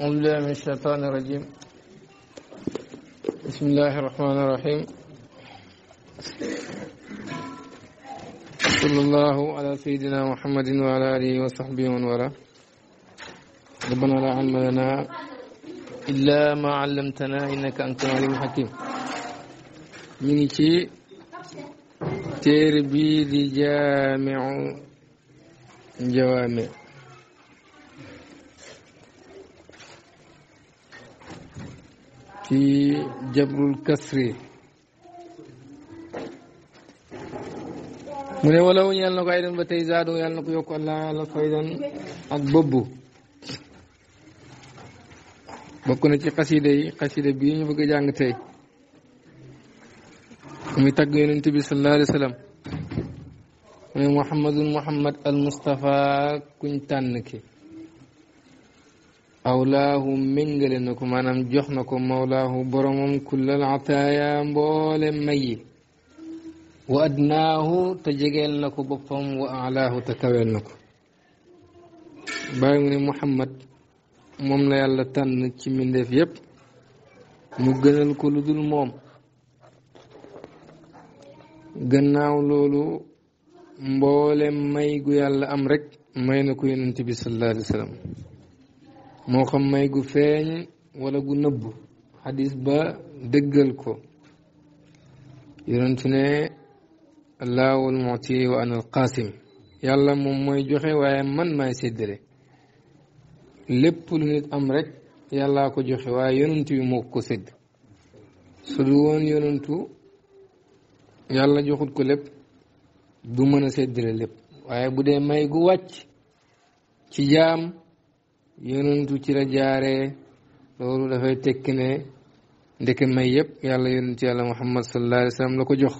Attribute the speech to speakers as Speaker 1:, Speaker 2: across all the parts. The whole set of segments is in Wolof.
Speaker 1: أعوذ بالله من الشيطان الرجيم بسم الله الرحمن الرحيم صلى الله على سيدنا محمد وعلى آله وصحبه ومن والاه ربنا لا علم لنا إلا ما علمتنا إنك أنت العليم الحكيم من شيء تربي جامع جوامع ci jabrul kasri mu ne wala wuñu yàlla na ko ay ba tey zaado yàlla na ko yokk allah yàlla faydan ak bëbbu bokk na ci xasida yi xasida bii ñu bëgg a jàng tey muy tagg yonent bi sallallahu alayhi mu ne muhammadun muhammad al mustafa kuñ tànn ki awlaahu méngale na ko maanaam jox na ko mawlaahu boromam kullal ataaya mboole mayi wa adnaahu te jegeel na ko boppam wa alaahu te kaweel na ko bàyyi mu muhammad moom la yàlla tànn ci mbindeef yépp mu gënal ko dul moom gannaaw loolu mboole may gu yàlla am rek may na ko yonent bi sallallahu moo xam may gu feeñ wala gu nëbbu xadis ba dëggal ko yonent ne allahu almuti wa ana alqasim yàlla moom mooy joxe waaye man maay séddale lépp lu nit am rek yàllaa ko joxe waaye yonent bi moo ko sédd su du woon yonentu yàlla joxut ko lépp du mën a séddale lépp waaye bu dee may gu wàcc ci jaam yonentu ci la jaaree loolu dafay tekki ne ndeke may yëpp yàlla yonentu yàlla muhammad sallallahu alayhi wa sallam la ko jox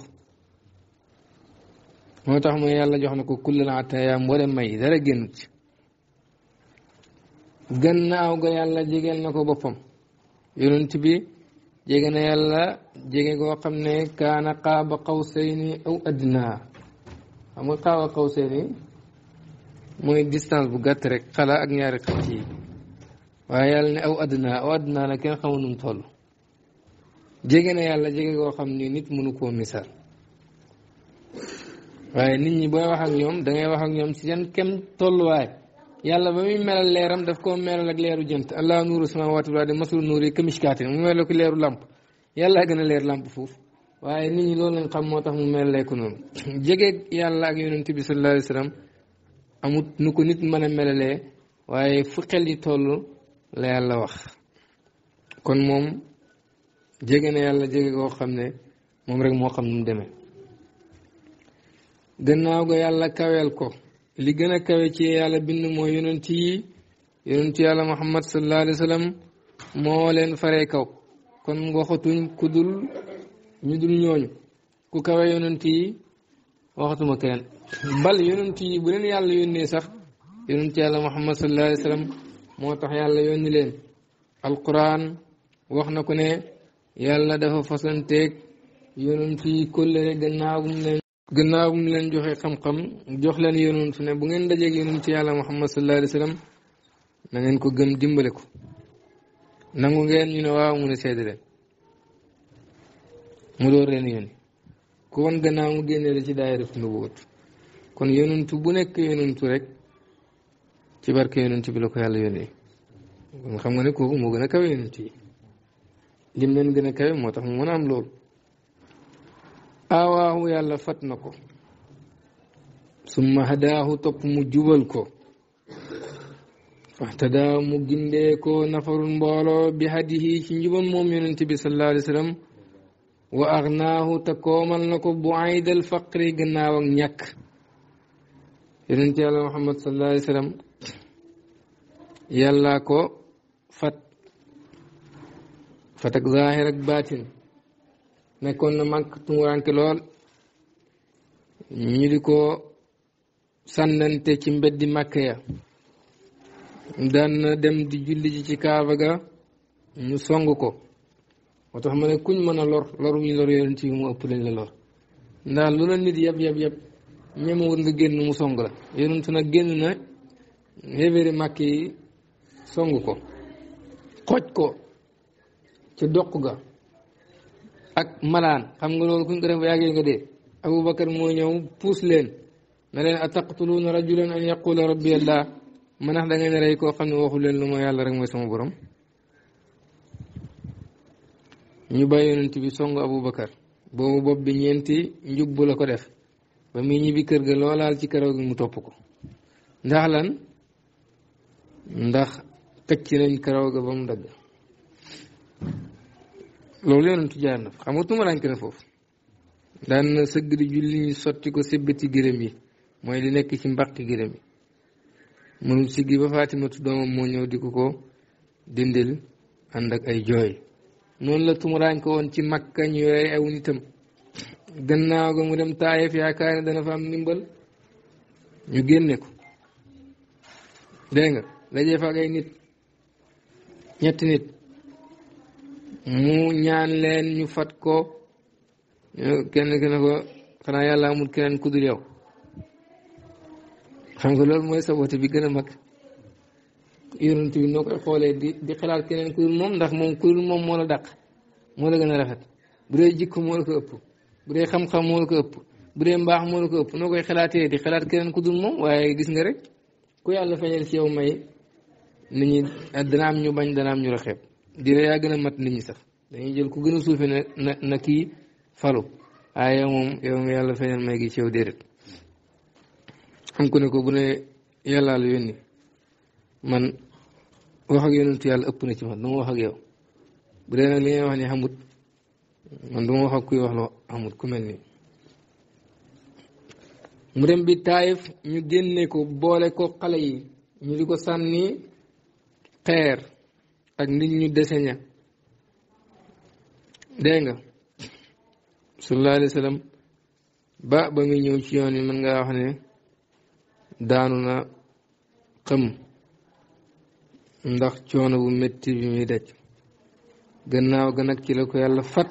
Speaker 1: moo tax mu yàlla jox na ko kullal ataaya mboolem may dara génn ci gannaaw ga yàlla jegeel na ko boppam yonent bi jege na yàlla jege goo xam ne kaana qaaba qawsayni aw adnaa xam nga qaaba qawsayni mooy distance bu gàtt rek xala ak ñaari xëcc yi waaye yàlla ne aw addinaa aw addinaa la kenn xamu num jege na yàlla jege koo xam ni nit mënu koo misaal waaye nit ñi booy wax ak ñoom da ngay wax ak ñoom ci yan kem tolluwaay yàlla ba muy melal leeram daf koo melal ak leeru jënt allah nuuru samaawaati wal ardi masalu nuuri kamishkaatin mu melal ko leeru làmp yàlla gën a leer làmp foofu waaye nit ñi loolu lañ xam moo tax mu melal ko noonu jege yàlla ak yonent amut nu ko nit mën a melalee waaye fu xel yi toll la yàlla wax kon moom jege na yàlla jege koo xam ne moom rek moo xam nu mu demee gannaaw ga yàlla kaweel ko li gën a kawe ci yàlla bind mooy yonent yi yonent yàlla muhammad sallallahu alayhi moo leen fare kaw kon waxatuñ ku dul ñu dul ñooñu ku kawe yonent yi waxatuma keneen bal yonent yi bu leen yàlla yónnee sax yonent yàlla muhammad sallallahu alayhi wasallam moo tax yàlla yónni leen alquran wax na ko ne yàlla dafa fasanteeg yonent yi kóllëre gannaaw leen gannaaw mu leen joxe xam-xam jox leen yonent ne bu ngeen dajeeg ci yàlla muhammad sallallahu alayhi wasallam na ngeen ko gëm dimbale ko nangu ngeen ñu ne waaw mu ne seede leen mu door leen yónni ku gannaaw mu génnee la ci daayira nubuwat kon yonentu bu nekk yonentu rek ci barke yonentu bi la ko yàlla yónnee kon xam nga ne kooku moo gën a kawe yonentu lim leen gën a kawe moo tax mu mën a am loolu aawaahu yàlla fat na ko summa hadaahu topp mu jubal ko waxtadaa mu gindee ko nafarun mbooloo bi hadihi ci njubam moom yonent bi sallallahu alayhi wa sallam wa axnaahu koomal na ko bu aydal faqri gannaaw ak yonent yalla mohammad salalah ih sallam yalla ko fat fatak zahir ak batin nekkoon na mànk tumuranke lool ñu di ko sànnante ci mbeddi màkka ya daan na dem di julli ji ci kaaba ga ñu song ko moo tax ma ne kuñ mën a lor loru ñu lor yonent yi mu ëpp lañ la lor ndax lu la nit yab yab yab ñemewul nga génn mu song la yonent nag génn na xéeféeri màkk yi song ko xooj ko ci doq ga ak malaan xam nga loolu kuñ ko def ba yàggee nga dee abubakar moo ñëw puus leen ne leen ataqtuluuna rajulan an yaqula rabbi allah ma nax ah, da ngeen rey koo xam ne waxu leen lu mooy yàlla rek mooy sama borom ñu bàyyi yonent bi song abubakar boobu bopp bi ñeenti njub bu la ko def ba muy ñibbi kër ga loolaal ci karaw gi mu topp ko ndax lan ndax këcc nañ karaw ga ba mu dagg loolu yonentu jaar na fa xam nga tumuraanke na foofu daan na sëgg di julli ñu sotti ko sébbati gërëm yi mooy li nekk ci mbaqi gërëm yi mënul siggi ba Faatimatu doomam moo ñëw di ko ko dindil ànd ak ay jooy noonu la tumuraanke woon ci Makka ñu yore aw nitam gannaaw ga mu dem taayef yaakaar ñu génne ko dégg nga dajee fa ak ay nit ñetti nit mu ñaan leen ñu fat ko kenn ki ne ko xanaa yàlla amul keneen ku dul yow xam nga loolu mooy sabote bi gën a mag yonent bi noo koy xoolee di di keneen ku moom ndax moom ku moom moo la dàq moo la gën a rafet bu dee jikko moo la ko ëpp bu dee xam-xam moo la ko ëpp bu dee mbaax moo la ko ëpp noo koy xalaatee di xalaat keneen ku dul moom waaye gis nga rek ku yàlla feeñal ci yow may nit ñi ah, ñu bañ dana ñu la di la yaa sax dañuy jël ku gën a na na na kii falu waaye moom yow nga yàlla feeñal may gi ci yow déedéet xam ku ne ko bu ne yàllaa la yónni man wax ak yonentu yàlla ëpp na ci man dama wax ak bu dee nag li ngay wax ni xamut man du wax ak kuy wax loo amul ku mel nii mu dem bi taayif ñu génne ko boole ko xale yi ñu di ko sànni xeer ak nit ñu dese dégg nga sallallahu alayhi ba ba ngi ñëw ci yoon yi man ngaa wax ne daanu na xam ndax coono bu métti bi muy daj gannaaw ga nag ci la ko yàlla fat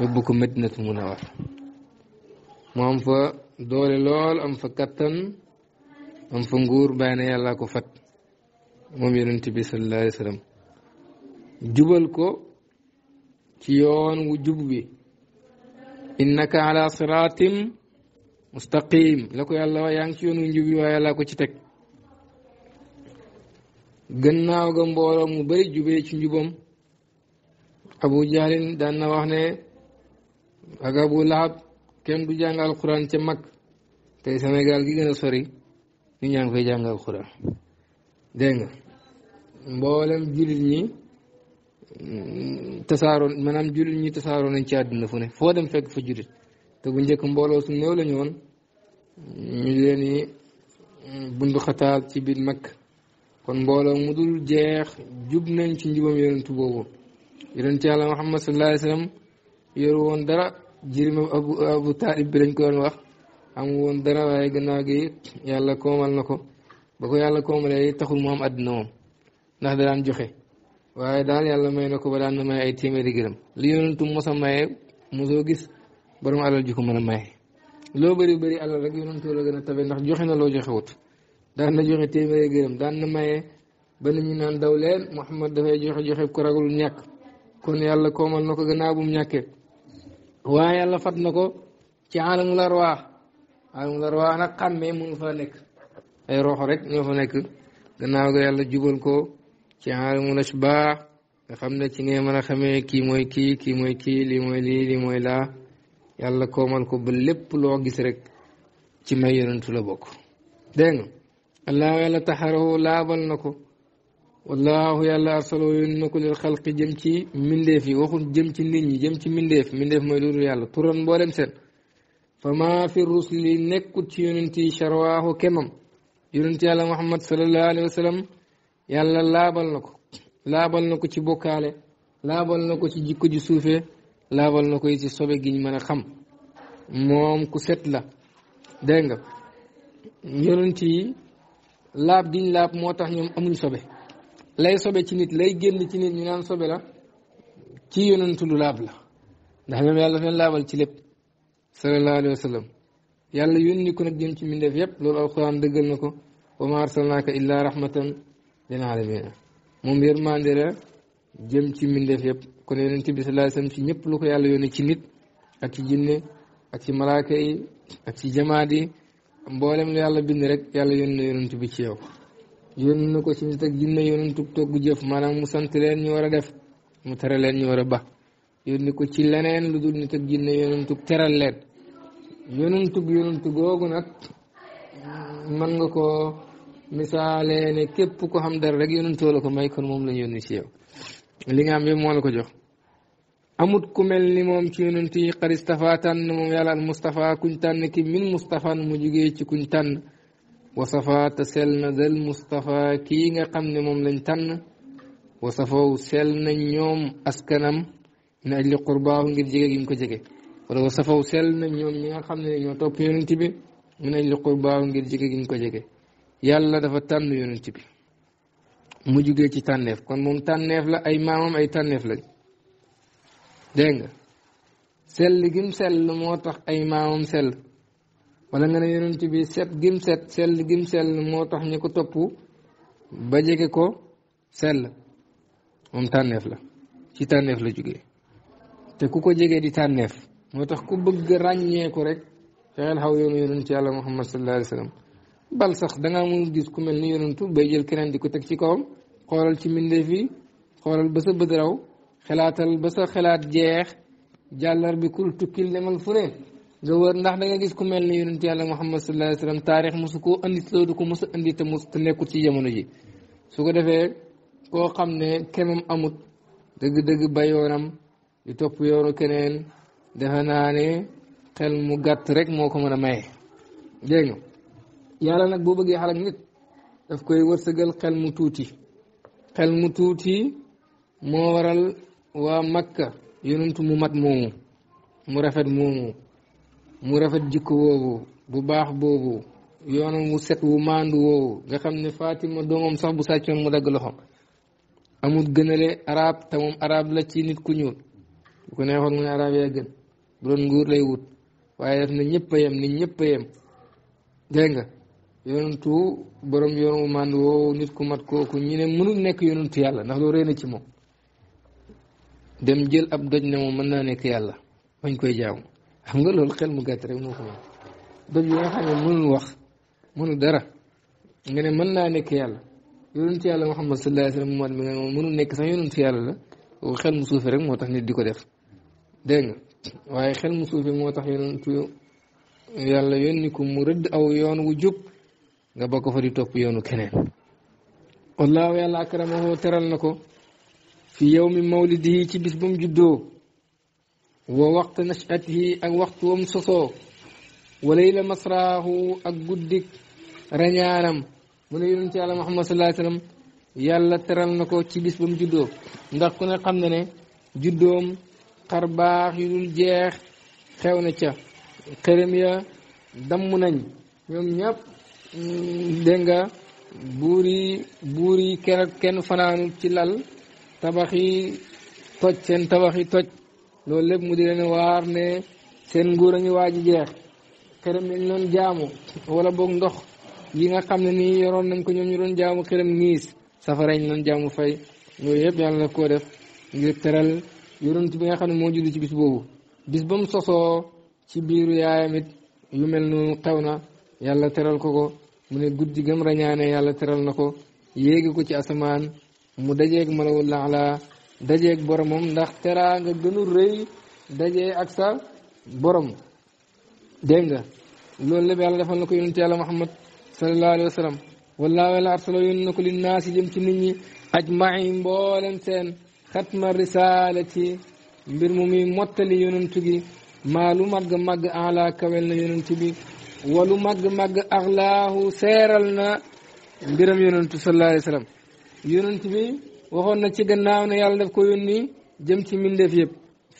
Speaker 1: yóbbu ko Madinatul Munawwara mu am fa doole lool am fa kattan am fa nguur bàyyi na yàllaa ko fat moom yonent bi sallallahu alayhi wa jubal ko ci yoon wu jub bi innaka ala siratim mustaqim la ko yàlla wax yaa ngi ci yoon wu njub bi waaye ko ci teg gannaaw ga mbooloo mu bari jubee ci njubam Abu Jahlin daan na wax ne ak Abu Lahab kenn du jàng alxuraan ca mag te Sénégal gi gën a sori ñu ñaa ngi fay jàng alxuraan dégg nga mboolem jullit ñi mm, tasaaroo maanaam jullit ñi tasaaroo nañ ci àdduna fu ne foo dem fekk fa jullit te bu njëkk mbooloo su néew la woon ñu leen i mm, ci biir mag kon mbooloo mu dul jeex jub nañ ci njubam yonentu boobu yonent yàlla Muhammad sallallahu alayhi yoru woon dara jirimam abu abu taalib bi lañ ko wax amu woon dara waaye gannaaw gi yàlla koomal na ko ba ko yàlla koomalee taxul mu am àddina moom ndax da daan joxe waaye daal yàlla may na ko ba daan na may ay téeméeri gërëm gis borom alal ji ko mën a maye loo bëri bëri alal rek yonentoo la gën a tabe ndax joxe na loo joxe wut daan na joxe téeméeri gërëm daan na maye ba nit ñi naan daw leen Muhammad dafay joxe joxe ko ragul ñàkk kon yàlla koomal na ko gannaaw bu mu ñàkkee waaye yàlla fat na ko ci alamul arwaax alamul arwaax nag xàmmee mënu fa nekk ay roxo rek ñoo fa nekk gannaaw ga yàlla jubal ko ci alamul asbaax nga xam ne ci ngay mën a xamee kii mooy kii kii mooy kii lii mooy lii lii mooy laa yàlla koomal ko ba lépp loo gis rek ci may yonentu la bokk dégg nga allah yàlla taxarahu laabal na ko wallaahu yàlla arsaloo yónni na ko lil xalqi jëm ci mbindeef yi waxul jëm ci nit ñi jëm ci mbindeef mbindeef mooy loolu yàlla turan mboolem seen fa maa fi rusli nekkut ci yonent yi charwaahu kemam yonent yàlla muhammad salallahu alayhi wa yàlla laabal na ko laabal na ko ci bokkaale laabal na ko ci jikko ji suufee laabal na ko ci sobe gi ñu mën a xam moom ku set la dégg nga ci yi laab giñ laab moo tax ñoom amuñ sobe lay sobe ci nit lay génn ci nit ñu naan sobe la ci yonentu laab la ndax même yàlla fen laabal ci lépp sallallahu alayhi wa sallam yàlla yónni ko nag jëm ci mbindeef yépp loolu alquran dëggal na ko wa ma arsalnaaka illa rahmatan lil alamina moom yërmande la jëm ci mbindeef yépp kon yonent bi sallallahu alayhi wa sallam ci ñëpp lu ko yàlla yónni ci nit ak ci jinne ak ci malaaka yi ak ci jamaat yi mboolem lu yàlla bind rek yàlla yónni na yonent bi ci yow yónni ko ci nit ak jinne yónni tug togg jëf maanaam mu sant leen ñu war a def mu tere leen ñu war a ba yónni ko ci leneen lu dul nit ak jinne yónni tug teral leen yónni tug yónni tug googu nag man nga ko misaalee ne képp ko xam dara rek yónni too la ko may kon moom la ñu yónni ci yow li nga am yëpp moo la ko jox amut ku mel ni moom yi xarit Mustafa tànn moom yàlla Mustafa kuñ tànn ki min Mustafa mu jugee ci kuñ tànn wasafaa te sell na dal Moustapha kii nga xam ne moom lañ tànn wasafaw sell nañ ñoom askanam min ajli qurbaahu ngir jege gi ko jege wala wasafaw sell nañ ñoom ñi nga xam ne ñoo topp yonent bi min ajli qurbaahu ngir jege gi ñu ko jege yàlla dafa tànn yonent bi mu jugee ci tànneef kon moom tànneef la ay maamam ay tànneef lañ dégg nga sell gim sell moo tax ay maamam sell. wala nga ne yonent bi set gim set sell gim sell moo tax ñu ko topp ba jege ko sell moom tànneef la ci tànneef la jógee te ku ko jegee di tànneef moo tax ku bëgg ràññeeku rek fexeel xaw yoonu yonent yàlla muhammad sallallahu alayhi wa bal sax danga mun gis ku mel ni yonentu bay jël keneen di ko teg ci kawam xoolal ci mbindeef yi xoolal ba sa bët raw xalaatal ba sa xalaat jeex jàllar bi kul tukkil demal fu ne nga ndax dangay gis ku mel ni yonent yàlla Muhammad sallallahu alayhi wa sallam taarix ko koo andi du ko mos a andi te mos te nekkul ci jamono ji su ko defee koo xam ne kemam amut dëgg-dëgg ba yoonam di topp yoonu keneen defe naa ne xel mu gàtt rek moo ko mën a maye. dégg yàlla nag boo bëggee xalak nit daf koy wërsëgal xel mu tuuti xel mu tuuti moo waral waa Makka yonentu mu mat moomu mu rafet moomu. mu rafet jikko woowu bu baax boobu yoonam wu set wu maandu woowu nga xam ne Fatima doomam sax bu sàccoon mu dagg loxo amul gënale arab te moom arab la ci nit ku ñuul bu ko neexoon mu ne arab yaa gën bu doon nguur lay wut waaye def na ñëpp nit ñëpp a yem dégg nga yonentu borom yoon woowu nit ku mat kooku ñu ne mënul nekk yonentu yàlla ndax loolu rëy na ci moom dem jël ab doj ne moom mën naa nekk yàlla bañ koy jaamu xam nga loolu xel mu gàtt rek moo ko wax doj wax mënul dara nga ne mën naa nekk yàlla yonent yàlla Muhammad xam alayhi wa sallam mi nga moom mënul nekk sax yonent yàlla la kooku xel mu suufe rek moo tax nit di ko def dégg nga waaye xel mu suufe moo tax yonent yàlla yónni ko mu rëdd aw yoon wu jub nga ko fa di topp yoonu keneen wallaahu yàlla akramahu teral na ko fi yawmi mawlidihi ci bis ba mu juddoo ووقت نشأته أك وقت ومسوسو وليل مصراه أك قدك رنيانم وليل انت على محمد صلى الله عليه وسلم يالا ترال نكو تي بيس بوم جودو جدوم كوني خامني ني جودوم قرباخ يدول جيخ خيونا تيا كريميا دم يوم نياب دنگا بوري بوري كرك كن فنانو تي لال تباخي توج سن loolu lépp mu di leen waar ne seen nguur a ngi waaj a jeex xërëm lañ loon jaamu wala boog ndox yi nga xam ne nii yoroon nañ ko ñoom ñu doon jaamu xërëm niis safara ñu doon jaamu fay loolu yëpp yàlla na koo def ngir teral yonent bi nga xam ne moo judd ci bis boobu bis ba sosoo ci biiru yaayam it lu mel noonu xew na yàlla teral ko ko mu ne guddi gëm rañaane yàlla teral na ko yéegi ko ci asamaan mu dajeeg malawul ala dajeeg boromam ndax teraanga nga gënul rëy dajee ak sa borom dégg nga loolu lépp yàlla defal na ko yonent yàlla Muhammad sallallahu alayhi wa sallam wallaahu yàlla arsala na ko li naasi jëm ci nit ñi ajma'i mboolem seen xatma risaalati mbir mu muy mottali yonent gi maa lu màgg màgg ala kawel na yonent bi walu màgg màgg axlaahu seeral na mbiram yonent sallallahu bi waxoon na ci gannaaw ne yàlla daf ko yónni jëm ci mbindeef yëpp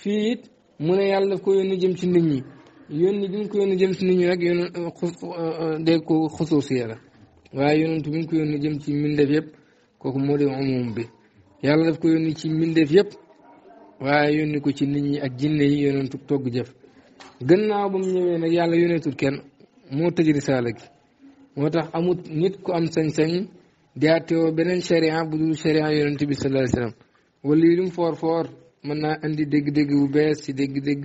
Speaker 1: fii it mu ne yàlla daf ko yónni jëm ci nit ñi yónni bi ko yónni jëm ci nit ñi rek yónn euh, euh, dégg ko xusuusiya la waaye yonent bi ñu ko yónni jëm ci mbindeef yëpp kooku moo di umum bi yàlla daf ko yónni ci mbindeef yëpp waaye yónni ko ci nit ñi ak jinne yi yonentu togg jëf gannaaw ba mu ñëwee nag yàlla yónneetul kenn moo tëj risaala gi moo tax amut nit ku am sañ-sañ di àttewoo beneen sharia bu dul sharia yonent bi sallallahu alayhi wasallam wala yi lum foor foor mën naa indi dégg-dégg bu bees ci dégg-dégg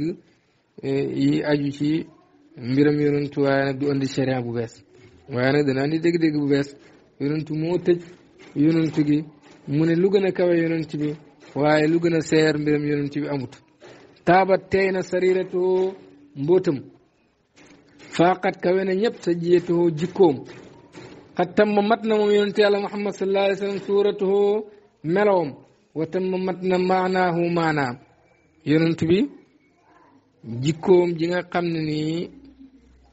Speaker 1: eh, yi aju ci mbiram yonentu waaye nag du indi sharia bu bees waaye nag danaa indi dégg-dégg bu bees yonentu moo mu ne lu gën a kawe yonent bi waaye lu gën a seer mbiram yonent bi amut taabat tey na sariratoo mbootam faaqat kawe na ñëpp sa jiyatoo jikkoom xat tamma mat na moom yonente yàlla muhammad sallallahu alayhi wa sallam suuratuhu melowam wa tamma mat na maanaahu maanaam yonent bi jikkoom ji nga xam ne nii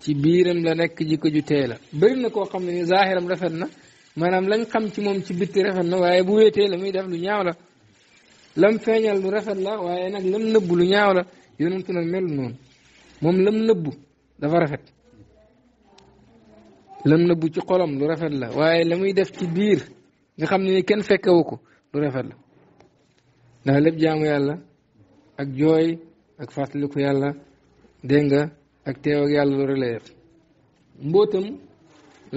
Speaker 1: ci biiram la nekk jikko ju tee la bëri na koo xam ne nii zaahiram rafet na maanaam lañ xam ci moom ci bitti rafet na waaye bu wéetee la muy def lu ñaaw la lan feeñal lu rafet la waaye nag lam nëbbu lu ñaaw la yenoon yonentu nag melu noonu moom lam nëbbu dafa rafet lam na bu ci xolam lu rafet la waaye la muy def ci biir nga xam ne kenn fekkewu ko lu rafet la ndax lépp jaamu yàlla ak jooy ak fàttaliku yàlla dégg nga ak teew ak yàlla lu rële def mbootam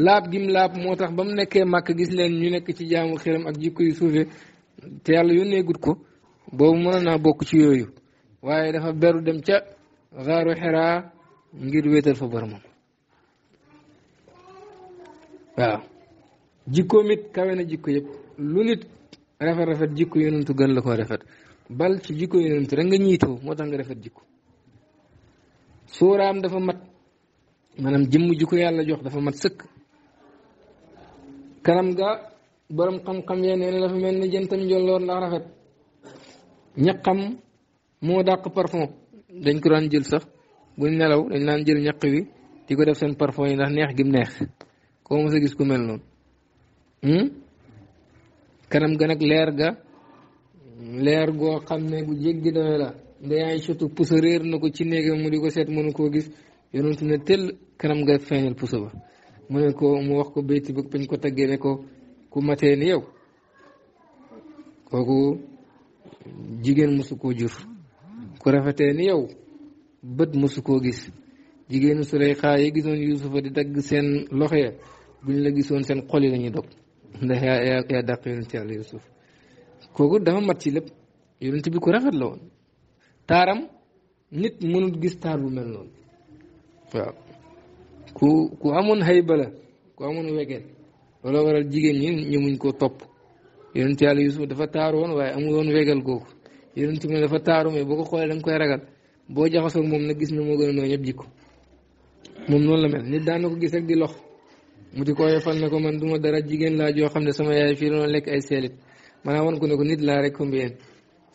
Speaker 1: laab gim laab moo tax ba mu nekkee màkk gis leen ñu nekk ci jaamu xeram ak jikko yu suufee te yàlla yónnee gut ko boobu mënoon naa bokk ci yooyu waaye dafa beru dem ca xaaru xeraa ngir wéetal fa boromam waaw jikkoom it kawe na jikko yëpp lu nit rafet rafet jikko yonentu gën la ko rafet bal ci jikko yonentu rek nga ñiitoo moo tax nga rafet jikko sóoraam dafa mat maanaam jëmm jikko yàlla jox dafa mat sëkk kanam ga boroom xam-xam yee nee na dafa mel ni jëntam njolloor ndax rafet ñaqam moo dàq parfon dañ ko daan jël sax buñ nelaw dañ daan jël ñaq wi di ko def seen parfon yi ndax neex gim neex koo mos a gis ku mel noonu hmm? kanam ga nag leer ga leer goo xam ne gu jéggi doy la ndayaay surtout puso réer na ko ci néegam mu di ko seet mënu koo gis yonent ne tëll kanam ga feeñal puso ba mu ne ko mu wax ko béyti ba bañ ko taggee ne ko ku matee ni yow kooku jigéen mosu koo jur ku rafetee ni yow bët mosu koo gis jigéenu Suleyxa yi gisoon Yuusufa di dagg seen loxo ya buñ la gisoon seen xol yi la dog ndax yaa yaa yaa dàq yonent yàlla Yuusuf kooku dafa mat ci lépp yonent bi ku rafet la woon taaram nit mënul gis taar bu mel noonu waaw ku ku amoon xayba la ku amoon wegeel looloo waral jigéen ñi ñëmuñ koo topp yonent yàlla Yuusuf dafa taaru woon waaye amul woon wegeel googu yonent bi dafa taaru mais boo ko xoolee da koy ragal boo jaxasoo moom nag gis na moo gën a noo ñëpp jikko moom noonu la mel nit daan na mu di ko yefal ne ko man duma dara jigéen laa joo xam ne sama yaay fii doon lekk ay seelit maanaam wan ko ne ko nit laa rek ko mbiyeen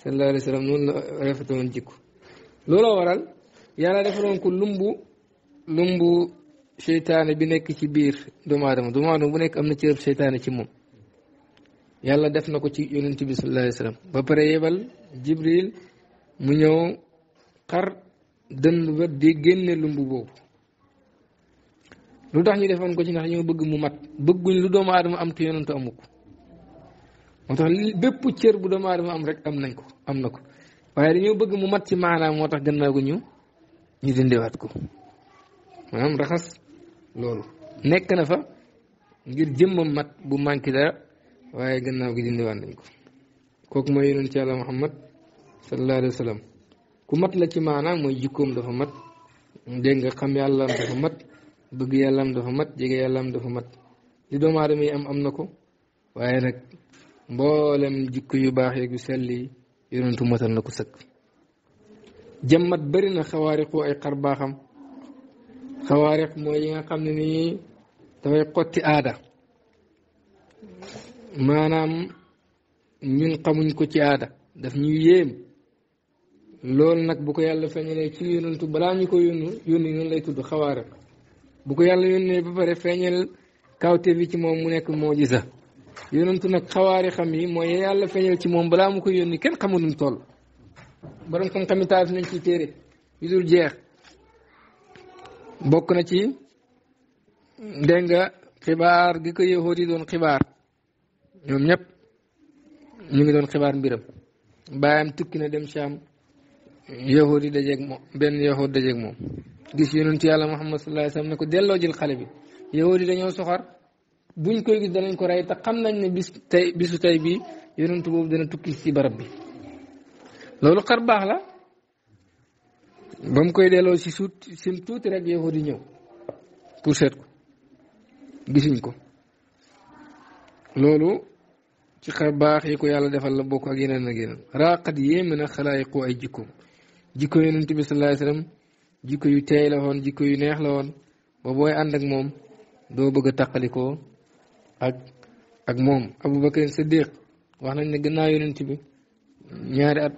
Speaker 1: sallallahu alayhi wa sallam noonu la rafetoon waral yàlla defaroon ko lumbu lumbu seytaane bi nekk ci biir doomu aadama doomu aadama bu nekk am na cërëb seytaane ci moom yàlla def na ko ci yonent bi sallallahu alayhi ba pare yebal jibril mu ñëw xar dënd ba di génne lumbu boobu lu tax ñi defoon ko ci ndax ñoo bëgg mu mat bëgguñ lu doomu aadama am te yonantu amu ko moo tax bépp cër bu doomu adama am rek am nañ ko am na ko waaye dañoo bëgg mu mat ci maanaam moo tax gannaaw gu ñu ñu dindiwaat ko maanaam raxas loolu nekk na fa ngir jëmmam mat bu manqué dara waaye gannaaw gi dindiwaat nañ ko kooku mooy yonent yàlla Muhammad sallallahu alayhi wa sallam ku ci maanaam mooy jikkoom dafa mat dégg xam yàlla dafa mat bëgg yàllaam dafa mat jege yàllaam dafa mat li doomu aadama yi am am na ko waaye nag mboolem jikk yu baax yeeg yu sell matal na ko sëkk jëmmat bëri na xawaariqu ay xar baaxam xawaariq mooy yi nga xam ne nii dafay xotti aada maanaam ñun xamuñ ko ci aada daf ñuy yéem loolu nag bu ko yàlla feeñalee ci yonentu balaa ñu ko yónnu yónni noonu lay tudd xawaariq bu ko yàlla yónnee ba pare feeñal kawte bi ci moom mu nekk moo mojisa yonentu nag xawaari xam yi mooy yàlla feeñal ci moom balaa mu ko yónni kenn xamuñu toll borom xam-xam yi taarif nañ ci téere yu jeex bokk na ci dégg nga xibaar gi ko yéexoot yi doon xibaar ñoom ñëpp ñu ngi doon xibaar mbiram bàyyam tukki na dem Saam yéexoot yi dajeeg moom benn yéexoot dajeeg moom gis yonentu yàlla Muhammad sallallahu alayhi wasallam ne ko delloo jël xale bi yow yi dañoo soxor buñ koy gis danañ ko rey te xam nañ ne bis tey bisu tey bi yonentu boobu dana tukki ci barab bi baax la ba koy delloo si suut tuuti rek yow di ñëw pour seet ko gisuñ ko loolu ci xar baax yi ko yàlla defal la bokk ak yeneen ak yeneen raaxat yéeme na xalaayiqu ay jikkoom jikko yonent bi sallallahu alayhi wasallam jikko yu teey la woon jikko yu neex la woon ba booy ànd ak moom doo bëgg a taqalikoo ak ak moom Abubakar Siddiq wax nañ ne gannaaw yonent bi ñaari at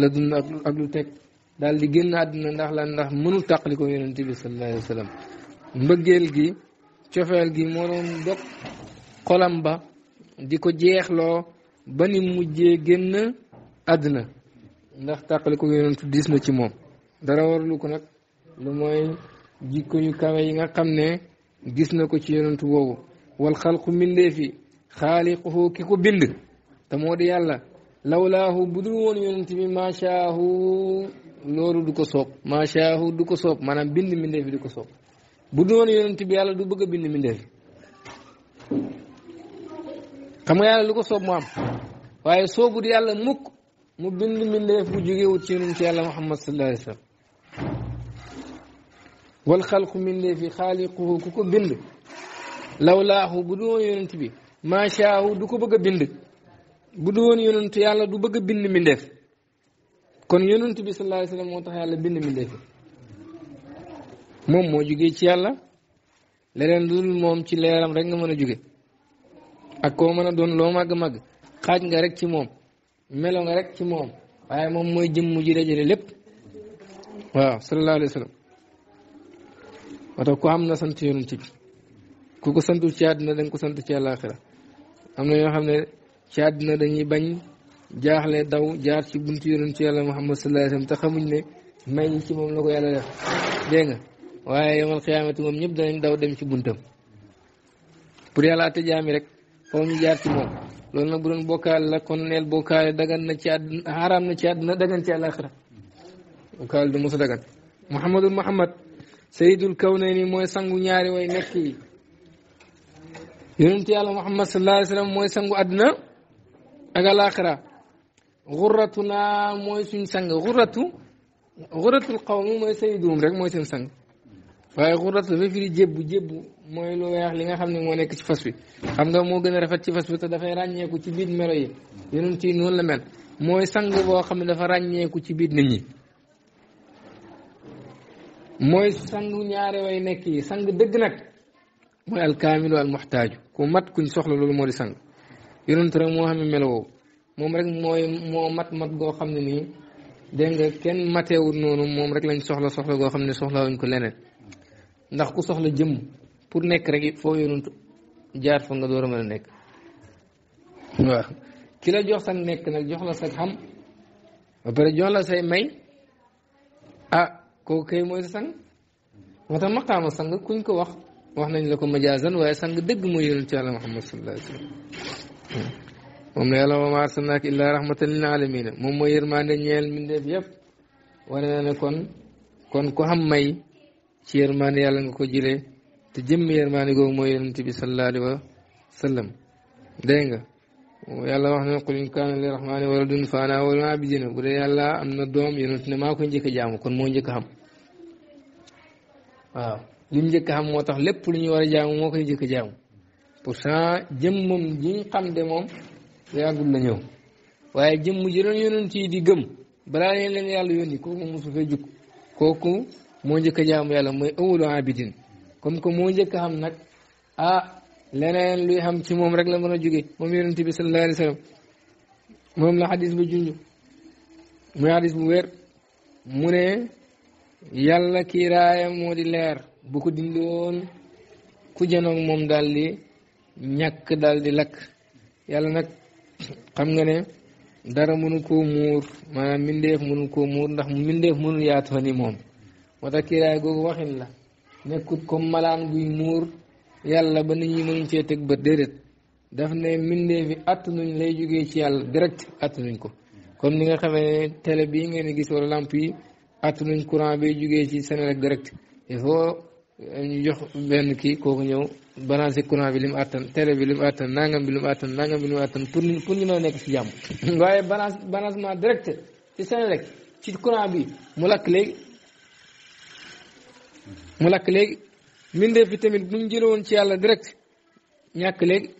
Speaker 1: la dund ak lu teg daal di génn àdduna ndax la ndax mënul taqalikoo yonent bi sallallahu alayhi wa sallam mbëggeel gi cofeel gi moo doon dog xolam ba di ko jeex loo ba ni mujjee génn àddina ndax taqalikoo yonent diis na ci moom dara warlu ko nag lu mooy jikko yu kawe yi nga xam ne gis na ko ci yonentu boobu wal xalqu mbindeefi xaaliquhu ki ko bind te moo di yàlla lawlaahu bu dul woon yonent bi maashaahu loolu du ko soob maashaahu du ko soob maanaam bind mbindeefi du ko soob bu dul woon yonent bi yàlla du bëgg a bind mbindeefi xam nga yàlla lu ko soob mu am waaye soobu di yàlla mukk mu bind mbindeef bu jógewut ci yàlla muhammad sallallahu wal xalqu mbindee fi xaaliquhu ku ko bind lawlaahu bu du woon yonent bi maashaahu du ko bëgg a bind bu du woon yonent yàlla du bëgg a bind mbindeef kon yonent bi sallallahu alayhi wasallam moo jugee ci yàlla leneen lu dul moom ci leeram rek nga mën a jóge ak koo mën a doon loo màgg-màgg xaaj nga rek ci moom melo nga rek ci moom waaye moom mooy jëmm ji dajale lépp waaw la alayhi wasallam moo tax am na sant yonent bi ku ko santu ci àddina da ko sant ci àllaaxira am na ñoo xam ne ci àddina dañuy bañ jaaxle daw jaar ci buntu yonent yàlla Muhammad sallallahu alayhi wasallam te xamuñ ne may ñi ci moom la ko yàlla def dégg nga waaye yomal xiyaamati moom ñëpp danañ daw dem ci buntam pour yàlla atte jaami rek foofu ñu jaar ci loolu nag bu doon bokkaale la kon neel bokkaale dagan na ci àddina xaraam na ci àddina dagan ci àllaaxira bokkaale du mos a dagan Muhammadul Muhammad sayidul kawnayni mooy sangu ñaari way nekk yi yonent yàlla muhammad sallallahu alayhi wa sallam mooy sangu àdduna ak alaaxira xurratu naa mooy suñ sang xurratu xurratul qawmi mooy sayidum rek mooy seen sang waaye xurratu dafa firi jébbu jébbu mooy lu weex li nga xam ne moo nekk ci fas bi xam nga moo gën a rafet ci fas bi te dafay ràññeeku ci biir melo yi yonent yi noonu la mel mooy sang boo xam ne dafa ràññeeku ci biir nit ñi mooy sangu ñaari way nekk yi sang dëgg nag mooy alkaamilu almuxtaaju ku mat kuñ soxla loolu moo di sang yonent rek moo xam ne melowoo moom rek mooy moo mat mat goo xam ne nii dégg nga kenn mateewul noonu moom rek lañ soxla soxla goo xam ne soxla soxlawuñ ko leneen ndax ku soxla jëm pour nekk rek foo yonent jaar fa nga door a mën a nekk waaw ki la jox sa nekk nag jox la sa xam ba jox la say may ah kooku kay mooy sang moo tax maqaama sang kuñ ko wax wax nañ la ko majaazan waaye sang dëgg mooy yonent yàlla Muhammad sallallahu alayhi wa la yàlla wa maa kon kon ku xam may ci yërmande yàlla nga ko jëlee te jëmm yërmande googu mooy yonent bi sallallahu alayhi wa sallam nga yàlla wax na qul in kaana li rahmaani waladun fa ana awwalul aabidiina bu dee yàlla am na doom yonent ne maa ko njëkk a jaamu kon moo njëkk a waaw lim njëkk xam moo tax lépp lu ñu war a jaamu moo koy njëkk jaamu pourtant jëm moom ji ñu xam de moom yàggul la ñëw waaye jëmm ji doon yonent yi di gëm balaa leen yàlla yónni kooku mosu fee jug kooku moo njëkk a yàlla mooy awalu abidin comme que moo njëkk xam nag ah leneen luy xam ci moom rek la mën a jóge moom yonent bi sallallahu alayhi muy xadis bu wér mu ne yàlla kii raayam moo di leer bu ko dindi woon ku janoog moom dal di ñàkk dal di lakk yàlla nag xam nga ne dara mënu koo muur maanaam mbindeef mënu koo muur ndax mbindeef mënul yaatu ni moom moo tax kiiraay googu waxin la nekkut comme malaan guy muur yàlla ba nit ñi mënuñ cee teg ba déedéet daf ne mbindeef yi attanuñ lay jógee ci yàlla direct attanuñ ko comme ni nga xamee télé bii ngeen gis wala lamp yi attanuñ courant bi jugee ci Senelec direct il faut euh, ñu jox benn kii kooku ñëw balancer courant bi li mu attan télé bi li mu attan nangam bi li mu attan nangam bi li mu attan pour ñu pour nekk ci jàmm. waaye balance balancement direct ci Senelec ci courant bi mu lakk léegi mu lakk léegi. mbindeef bi tamit bu ñu jëlee woon ci yàlla direct ñàkk léegi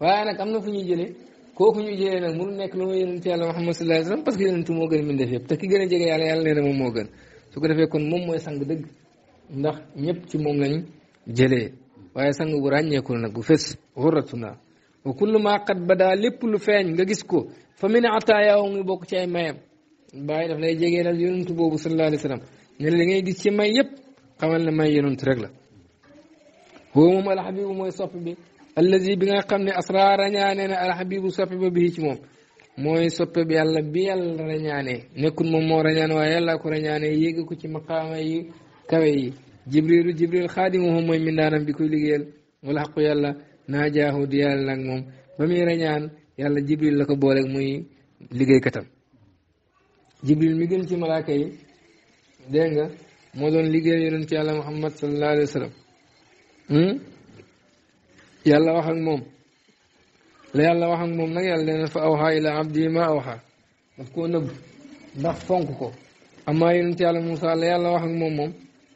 Speaker 1: waaye nag am na fu ñuy jëlee. kooku ñu jëlee nag mënu nekk lu ma yonent yàlla Muhammad sallallahu alayhi wasallam parce que yonentu moo gën a mbindéef yëpp te ki gën a jege yàlla yàlla nee na moom moo gën su ko defee kon moom mooy sang dëgg ndax ñëpp ci moom lañ jëlee waaye sang bu ràññeeku nag bu fës xurratuna wa kullu ma qad bada lépp lu feeñ nga gis ko fa min ataaya ngi bokk ci ay mayam bàyyi daf lay jegee nag yonentu boobu sallallahu alayhi wasallam ne li ngay gis ci may yëpp xamal na may yonent rek la woo moom alxabibu mooy sopp bi allazi bi nga xam ne asra rañaane na alxabibu soppe ba bii ci moom mooy soppe bi yàlla bi yàlla rañaane nekkul moom moo rañaane waaye yàlla ko rañaane yéegi ko ci maqaama yi kawe yi jibrilu jibril xaadimuhu mooy mindaanam bi koy liggéeyal wala xaqu yàlla naa jaahu di yàlla nag moom ba muy rañaan yàlla jibril la ko booleeg muy liggéeykatam jibril mi gën ci malaaka yi dégg nga moo doon liggéeyal yonent yàlla muhammad sallallahu alayhi يلا وحن موم لا يلا وحن موم نعيا لين فأوها إلى عبدي ما أوها نكون نب نفونكو أما ينتي على موسى لا يلا وحن موم موم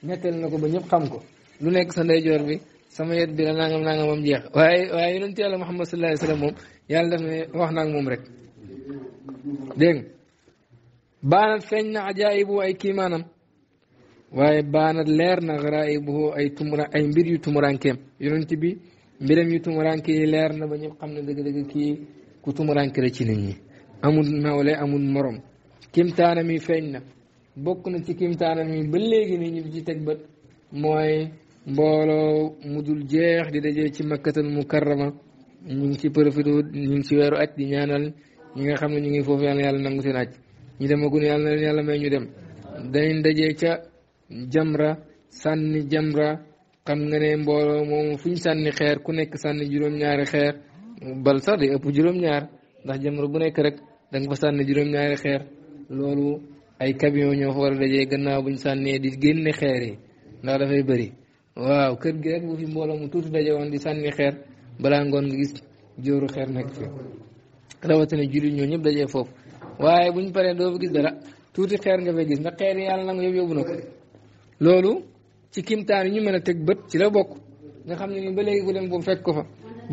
Speaker 1: نتل نكو بنيب خامكو لونك سندي جوربي سميت بلا نعم نعم مم جيخ واي واي ينتي على محمد صلى الله عليه وسلم موم يلا وحن نعم موم رك دين بان فين عجائب أي كيمانم واي بان لير نغرائبه أي تمر أي بيريو تمران كم ينتبي mbiram ñu tumuranke yi leer na ba ñëpp xam na dëgg-dëgg kii ku tumuranke ci nit ñi amul nawle amul morom kimtaanam yi feeñ na bokk na ci kimtaanam yi ba léegi ni ñu ci teg bët mooy mbooloo mu dul jeex di dajee ci makkatal mukarrama ñu ngi ci profité ñu ngi ci weeru aj di ñaanal ñi nga xam ne ñu ngi foofu yàlla yàlla nangu seen aj ñu demagun yàlla na yàlla may ñu dem dañ dajee ca jamra sànni jamra xam nga ne mbooloo moom fu ñu sànni xeer ku nekk sànni juróom-ñaari xeer bal sax day ëpp juróom-ñaar ndax jamono bu nekk rek da nga fa sànni juróom-ñaari xeer loolu ay camion ñoo fa war bu ñu sànnee di génne xeer yi ndax dafay bëri waaw kër gi rek bu fi mbooloo mu tuuti daje woon di sànni xeer balaa ngoon nga gis jóoru xeer nekk fi rawatina jullit ñoo ñëpp daje foofu waaye bu ñu paree doo fa gis dara tuuti xeer nga fay gis ndax xeer yi yàlla na nga yóbbu na ko loolu ci kimtaan yi ñu mën a teg bët ci la bokk nga xam ne ni ba léegi ku dem boobu fekk ko fa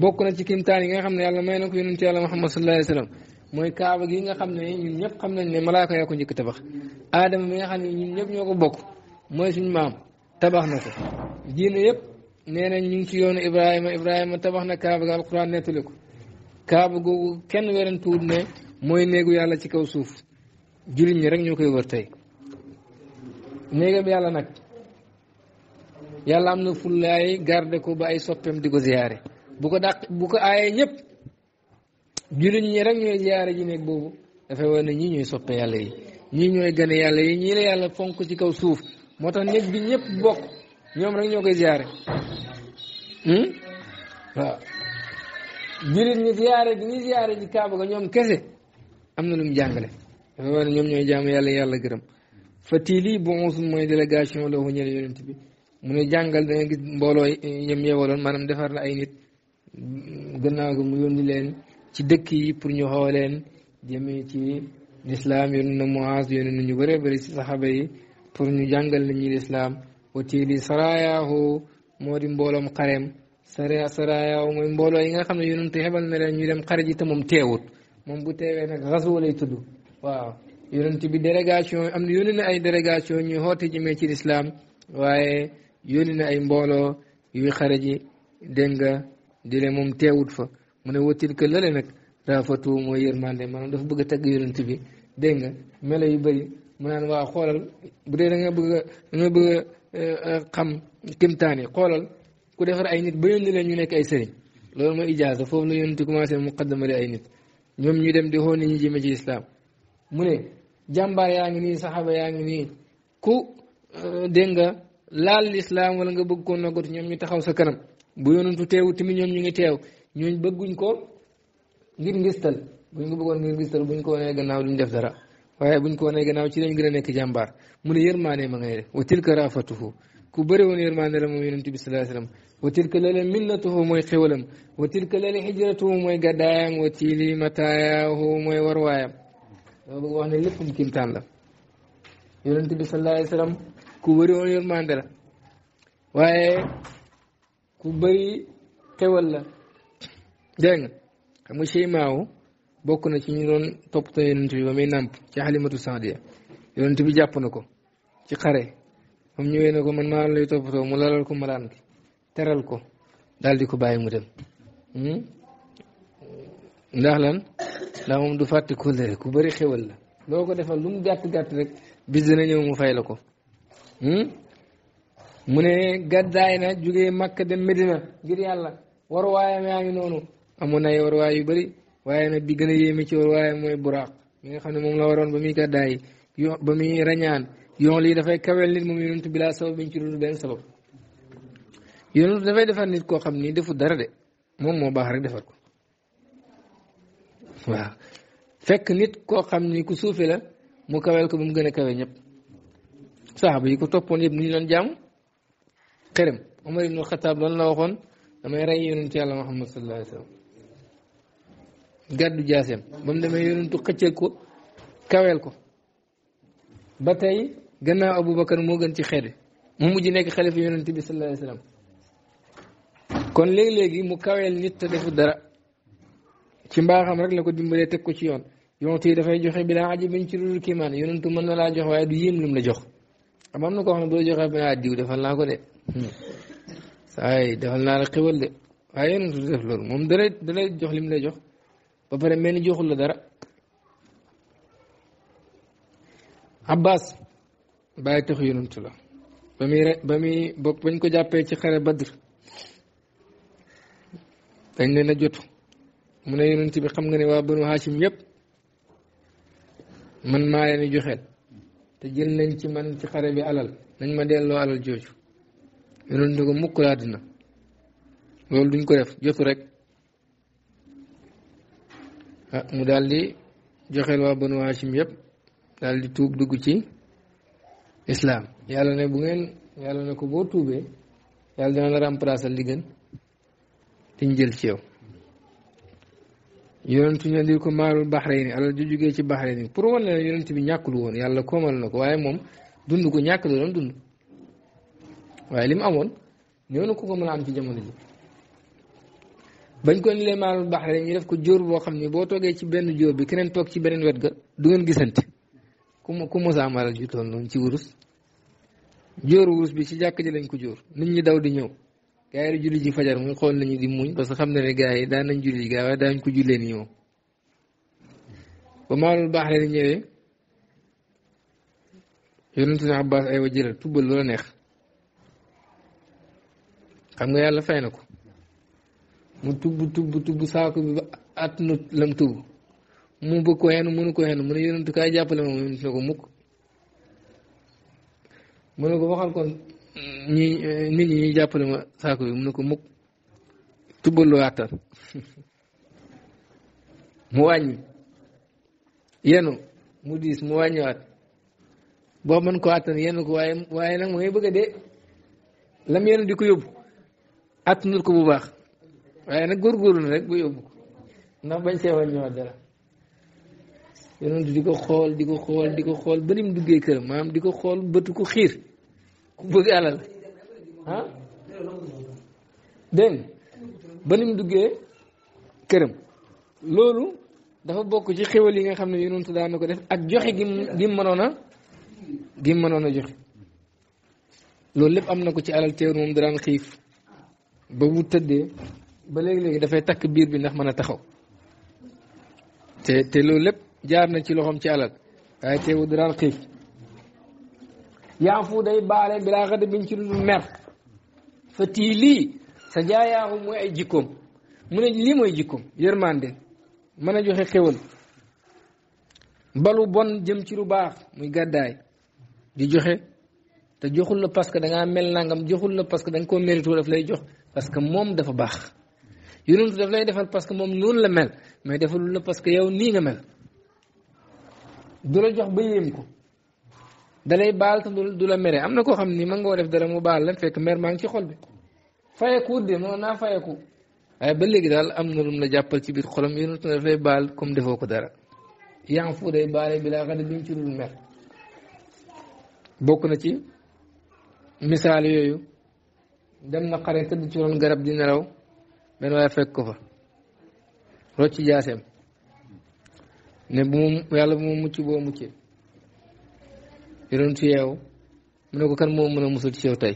Speaker 1: bokk na ci kimtaan yi nga xam ne yàlla may na ko yonent yàlla Muhammad sallallahu alayhi wa sallam mooy kaaba gi nga xam ne ñëpp xam nañ ne malaaka yaa ko njëkk tabax aadama bi nga xam ne ñun ñëpp ñoo ko bokk mooy suñu maam tabax na ko diine yëpp nee nañ ñu ngi ci yoonu Ibrahima Ibrahima tabax na kaaba gi alquran nettali ko kaaba googu kenn werantuwul ne mooy néegu yàlla ci kaw suuf jullit ñi rek ñoo koy wër tey néegam yàlla nag yàlla am na fullaay garde ko ba ay soppeem di ko ziyaare bu ko dàq bu ko aayee ñëpp jullit ñi rek ñooy ziyaare ji nekk boobu dafay wane na ñii ñooy soppe yàlla yi ñii ñooy gane yàlla yi ñii la yàlla ci kaw suuf moo tax ñëpp bokk ñoom rek ñoo koy ziyaare hmm? waaw jullit ji kaaba ga ñoom kese am na lu mu jàngale dafay wane ne ñoom ñooy jaamu yàlla yàlla gërëm fatii lii bu onsul mooy délégation la wu ñële bi mu ne jàngal da mbooloo ñoom defar la ay nit gannaaw gi mu yónni leen ci dëkk yi pour ñu xoo leen jëmee ci lislaam yónni na Muaz yónni na ñu bëree bëri ci saxaba yi pour ñu jàngal la ñuy lislaam wati li sarayaahu moo di mbooloom xareem sara sarayaahu mooy mbooloo yi nga xam ne yonent na ñu dem xare ji te moom bu teewee nag rasul ay délégation ñu xoote jëmee ci lislaam waaye yónni na ay mbooloo yuy xare ji dégg nga di leen moom teewut fa mu ne watil que lale nag raafatu mooy yërmande maanaam dafa bëgg a tagg yonent bi dégg nga melo yu bëri mu naan waa xoolal bu dee da nga bëgg a da nga bëgg eh, eh, xam kimtaan yi xoolal ku defar ay nit ba yónni leen ñu nekk ay sëriñ loolu mooy ijaaza foofu la mu commencé muqaddamale ay nit ñoom ñu dem di xool ñu ñi jëme ci islam mu ne jàmbaar yaa ngi nii saxaaba yaa ngi nii ku eh, dégg nga laal lislaam wala nga bëgg koo noggatu ñoom ñu taxaw sa kanam bu yonantu teewu tamit ñoom ñu ngi teew ñooñ bëgguñ ko ngir ngistal buñ ko bëggoon ngir ngistal buñ ko wanee gannaaw duñ def dara waaye buñ ko wanee gannaaw ci lañ gën a nekk jàmbaar mu ne yërmaane ma ngay def wa tilka raafatuhu ku bëri woon yërmaane la moom yonent bi sallallahu alayhi wasallam wa tilka lale minnatuhu mooy xéwalam wa tilka lale hijratuhu mooy gàddaayam wa tiili mataayahu mooy warwaayam dama bëgg wax ne léppum kimtaan la yonent bi sallallahu alayhi wasallam ku bëri woon yërmande la waaye ku bëri xewal la dégg nga bokk na ci ñu doon toppatoo yonent bi ba muy nàmp ci Xalimatu Saadiya yonent bi jàpp na ko ci xare moom ñëwee na ko man maa lay toppatoo mu lalal ko malaan gi teral ko daal di ko bàyyi mu dem hmm? ndax lan ndax moom du fàtte kóllëre ku bëri xewal la loo ko defal lu mu gàtt gàtt rek bis dina ñëw mu fay la ko Hmm? mu ne gàddaay na jógee Makka dem Medina ngir yàlla waruwaayam yaa ngi noonu amoon na ay waruwaay yu bari waaye nag bi gën a yéeme ci waruwaayam mooy buraaq mi nga xam ne moom la waroon ba muy gàddaay yo ba muy rañaan yoon lii dafay kawel nit moom yonent bi laa sabab biñ ci dund benn sabab dafay defar nit koo xam ni defu dara de moom moo baax rek defar ko waaw fekk nit koo xam ni ku suufe la mu kawel ko ba mu gën a kawe ñëpp saxaaba yi ko topone yëpp ni ñu doon jaamu xërëm Omar ibnul Xataab lan la waxon damay ray yonent yàlla Muhammad sallallahu alayhi wasallam gàddu jassem bam mu demee yonentu xecce ko kawel ko batay ganna abou bakkar mo gën ci xeet mu muji nek khalifa yonent bi sallallahu alayhi wasallam sallam kon leg leegi mu kawel nit te defu dara ci mbaxam rek lako dimbalé tek ko ci yoon yonent yi fay joxe bila ajibin ci dudul kiimaan yonentu mën na laa jox waaye du yim lu la jox am na koo xam ne bu la joxee ba diw defal naa ko de waaye defal naa la xéwal de waaye yéen def loolu moom dalay dalay jox li mu lay jox ba pare mel ni joxul la dara Abbas bàyyi taxu yonantu la ba muy re ba muy ko jàppee ci xare Badr dañ leen a jotu mu ne yonent bi xam nga ne waa Banu Hashim yëpp man maa leen di joxeel te jël nañ ci man ci xare bi alal nañ ma delloo alal jooju yonent ne ko mukk laa dina loolu duñ ko def jotu rek ah mu daldi di joxeel waa Banu Hashim yëpp daal di tuub dugg ci islaam yàlla ne bu ngeen yàlla ne ko boo tuubee yàlla dana la remplacer li gën te jël ci yow yonent ne lii ko maalul baxrayni alal ju jógee ci baxrayni pour wane ne yonent bi ñàkkul woon yàlla koomal na ko waaye moom dund ko ñàkk la doon dund waaye li mu amoon ñëw na ko ko mën a am ci jamono ji bañ ko indilee maalul baxrayni ñu def ko jóor boo xam ni boo toogee ci benn jóor bi keneen toog ci beneen wet ga du ngeen gisante ku mu ku mos a am alal ju toll ci wurus jóor wurus bi ci jàkk ji lañ ko jóor nit ñi daw di ñëw. gaa yi di julli ji fajar mu xool nañu di muñ parce que xam na ne gaa yi daan nañ julli ji gaa waaye daañ ko jullee nii moom ba maalul baax leen ñëwee yonentu ne Abbas ay wa jëlal tubbal loola neex xam nga yàlla fay na ko mu tubb tubb tubb saako bi ba at na lam mu bëgg ko xenu mënu ko xenu mu ne yonentu kaay jàppale moom yonentu ne ko mukk mu ne ko waxal kon ñi eh, nit ñi ñuy jàppale ma saako bi mu ne ko mukk tubbaloo yàttal mu wàññi yenu mu diis mu wàññiwaat boo mën ko àttan yenu ko waaye waaye nag mooy bëgg a dee lam yenu di ko yóbbu àttanul ko bu baax waaye nag góorgóorlu na rek bu yóbbu ko ndax bañ see wàññiwaat dara yonent di ko xool di ko xool di ko xool ba ni mu duggee këram maanaam di ko xool bëtu ko xiir ku bëgg alal ah dégg ba ni mu duggee këram loolu dafa bokk ci xéwal yi nga xam ne yonent daan na ko def ak joxe gi mu gi mu mënoon a gi joxe loolu lépp am na ko ci alal teewul moom daan xiif ba bu tëddee ba léegi-léegi dafay takk biir bi ndax mën a taxaw te te loolu lépp jaar na ci loxoom ci alal waaye teewul daan xiif yaafu day baale bilaa xada biñ ci dudul mer fa tii lii sa jaayaahu mooy ay jikkoom mu ne lii mooy jikkoom yërmande mën a joxe xéwal balu bon jëm ci lu baax muy gàddaay di joxe te joxul la parce que da ngaa mel nangam joxul la parce que da nga koo mérito daf lay jox parce que moom dafa baax yonentu daf lay defal parce que moom noonu la mel mais defalul la parce que yow nii nga mel du la jox ba yéem ko dalay baal te du la mere am na koo xam ni mën nga def dara mu baal la fekk mer maa ngi ci xol bi fayeku de mënoon naa fayeku waaye ba léegi daal am na lum la jàppal ci biir xolam yonent na baal comme defoo dara yang fu day baale bi laa xam ne duñ ci dul mer bokk na ci misaal yooyu dem na xare tëdd ci ron garab di nelaw benn waaye fekk ko fa rocci jaaseem ne bu mu yàlla bu mu mucc boo muccee yonentu yeew mu ko kan moo mën a musul ci yow tey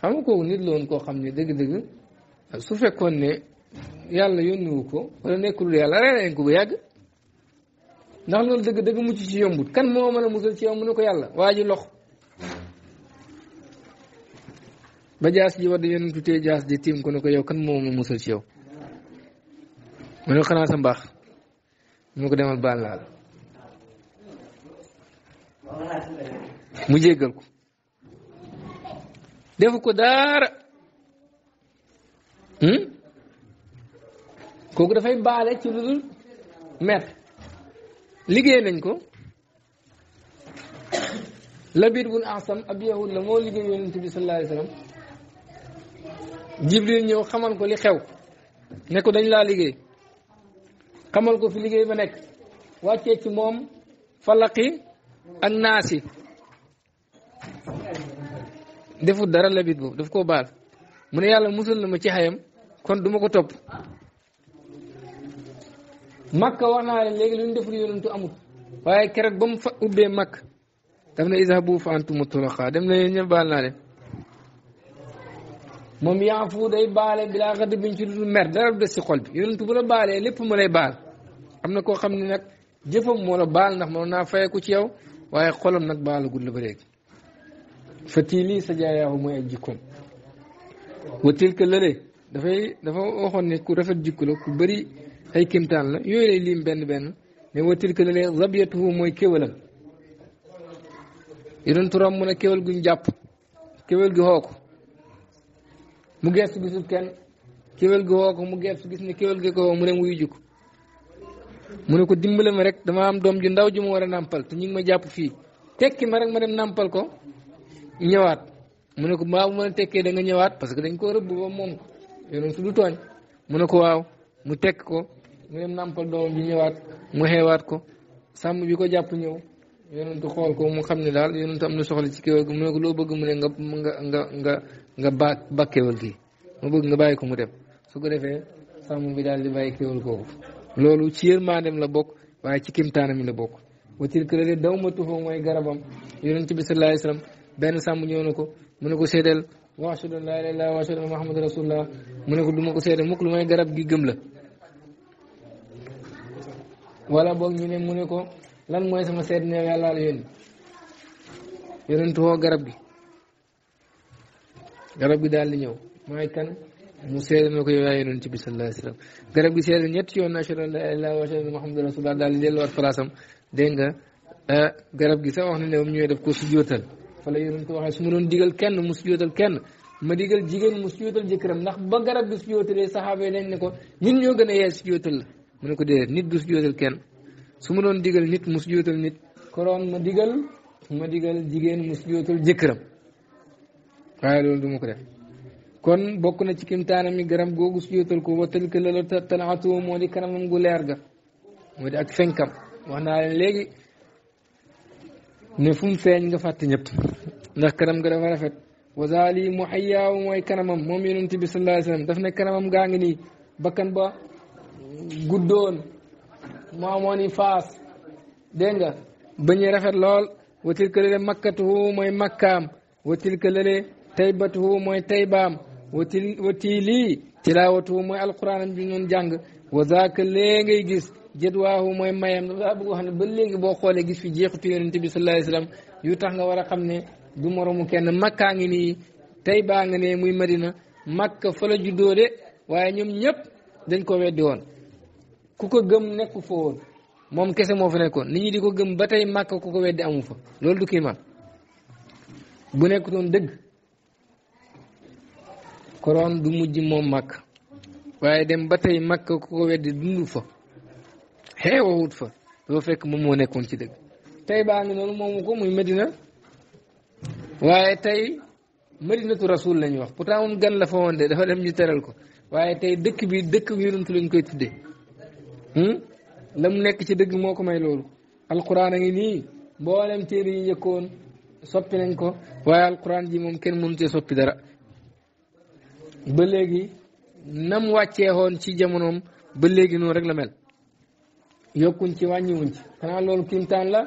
Speaker 1: xam nga kooku nit loon koo xam ne dëgg-dëgg su fekkoon ne yàlla yónniwu ko wala nekkul yàlla rey nañ ko bu yàgg ndax loolu dëgg-dëgg mucc ci yombut kan moo mën a musal ci yow mu na ko yàlla waa ji lox ba jaas ji war jaas ji tiim ko ko yow kan moo musal ci yow ko xanaa sa mbaax mu ne ko demal baal naa la mu jéggal ko defu ko daara hmm? kooku dafay baale ci lu dul mer liggéey nañ ko Labiid bun Asam ab la moo liggéey yonent bi sallallahu alayhi wa ñëw xamal ko li xew ne ko dañ laa liggéey xamal ko fi liggéey ba nekk wàccee ci moom falaqi ak naasi defut dara labit boobu daf koo baal mu ne yàlla musal na ma ci xayam kon duma ko topp makka wax naa leen léegi lu ñu deful yonentu amut waaye keroog ba mu fa ubbee makk daf ne izhabu fa antum tulaqa dem na yéen ñëpp baal naa leen moom yaa fu day baale bilaa xadd biñ ci dul mer dara des si xol bi yonentu bu la baalee lépp ma lay baal am na koo xam ne nag jëfam moo la baal ndax mënoon naa fayeku ci yow waaye xolam nag baalagul la ba léegi fa tii lii sa jaayaahu mooy ak jikkoom wa tilka lële dafay dafa waxoon ne ku rafet jikko la ku bëri ay kimtaan la yooyu lay liim benn benn mais wa tilka lële zabiyatuhu mooy kéwalam yeneen turam mun a kéwal guñ jàpp kéwal gi xoo ko mu geestu gisul kenn kéwal gi xoo ko mu geestu gis ne kéwal gi ko mu dem wuyu jikko mu ne ko dimbale ma rek dama am doom ju ndaw ju ma war a nàmpal te ñu ngi ma jàpp fii tekki ma rek ma dem nàmpal ko ñëwaat mu ne ko mbaa bu ma tekkee da nga ñëwaat parce que dañ koo rëbb moom yoonu su mu ne ko waaw mu tekk ko mu dem nàmpal doomam bi ñëwaat mu xeewaat ko sàmm bi ko jàpp ñëw yonentu xool ko mu xam ne daal yonentu am na soxla ci kéwél gi mu ne loo bëgg mu ne nga nga nga nga ba ba kéwél gi bëgg nga bàyyi ko mu dem su ko defee sàmm bi daal di bàyyi kéwél ko loolu ci yërmaandeem la bokk waaye ci kimtaanam la bokk watil këlale daw ma tuufoo mooy garabam yonent bi sallallahu alayhi wasallam benn sàmm ñëw na ko mu ne ko seedeel wa ashhadu an laa ilaaha illallaah wa ashhadu anna muhammadan rasulullah mu ne ko du ma ko seede mukk lu may garab gi gëm la wala boog ñu ne mu ne ko lan mooy sama seed ne yàlla la yónni yonent woo garab gi garab gi daal di ñëw maay kan mu seede ko yow yaa yonent bi sallallahu garab gi seede ñetti yoon ashhadu an laa ilaaha illallaah wa ashhadu anna muhammadan rasuulullaah daal di ah, garab gi sax wax na ne ñooy def ko sujjootal fa la yonent ko waxee su ma doon digal kenn mu kenn ma digal jigéen mu sujjootal jëkkëram ndax ba garab gi sujjootalee saxaaba yi dañ ne ko ñun ñoo gën a yee sujjootal la mu ne ko déedéet nit du sujjootal kenn su ma doon digal nit mu sujjootal nit ko ma digal ma digal jigéen mu sujjootal jëkkëram waaye loolu du ko def kon bokk na ci kimtaanam yi garab googu sujootal ko wa tëlka lalo talaatu moo di kanamam gu leer ga moo di ak fenkam wax naa leen léegi ne fu mu feeñ nga fàtte ñëpp ndax kanam ga rafet wazaali mu xayaaw mooy kanamam moom yonent bi sallallahu alayhi wasallam daf ne kanamam gaa ngi nii bakkan ba guddoon mu amoon i faas dégg nga bañ rafet lool wa tilka lale makkatuhu mooy makkaam wa tilka lale taybatuhu mooy taybaam wati wati lii tilaawatuhu mooy alquran bi ñu jàng wa zaaka lee ngay gis jëdwaahu mooy mayam dafa bëgg wax ne ba léegi boo xoolee gis fi jeexitu yonente bi sallallahu alayhi wasallam yu tax nga war a xam ne du moromu kenn makkaa ngi nii tey baa nga ne muy madina makka fa la juddoo de waaye ñoom ñëpp dañ ko weddi woon ku ko gëm nekku fa moom kese moo fa nekkoon nit ñi di ko gëm ba tey makka ku ko weddi amu fa loolu du kii ma bu nekkutoon dëgg koroon du mujj moom màkk waaye dem ba tey màkk ku ko weddi dund fa xeewawut fa dafa fekk moom moo nekkoon ci dëgg tey baa ngi noonu moomu ko muy Medina waaye tey Madinatu Rasul la ñuy wax pourtant moom gan la fa woon de dafa dem ñu teral ko waaye tey dëkk bi dëkk bi yonantu lañ koy tuddee hmm? la mu nekk ci dëgg moo ko may loolu alquran a ngi nii mboolem téere yi njëkkoon soppi nañ ko waaye alquran ji moom kenn mënu soppi dara ba léegi nam wàcceexoon ci jamonoom ba léegi noonu rek la mel yokkuñ ci wàññiwuñ ci xanaa loolu kiimtaan la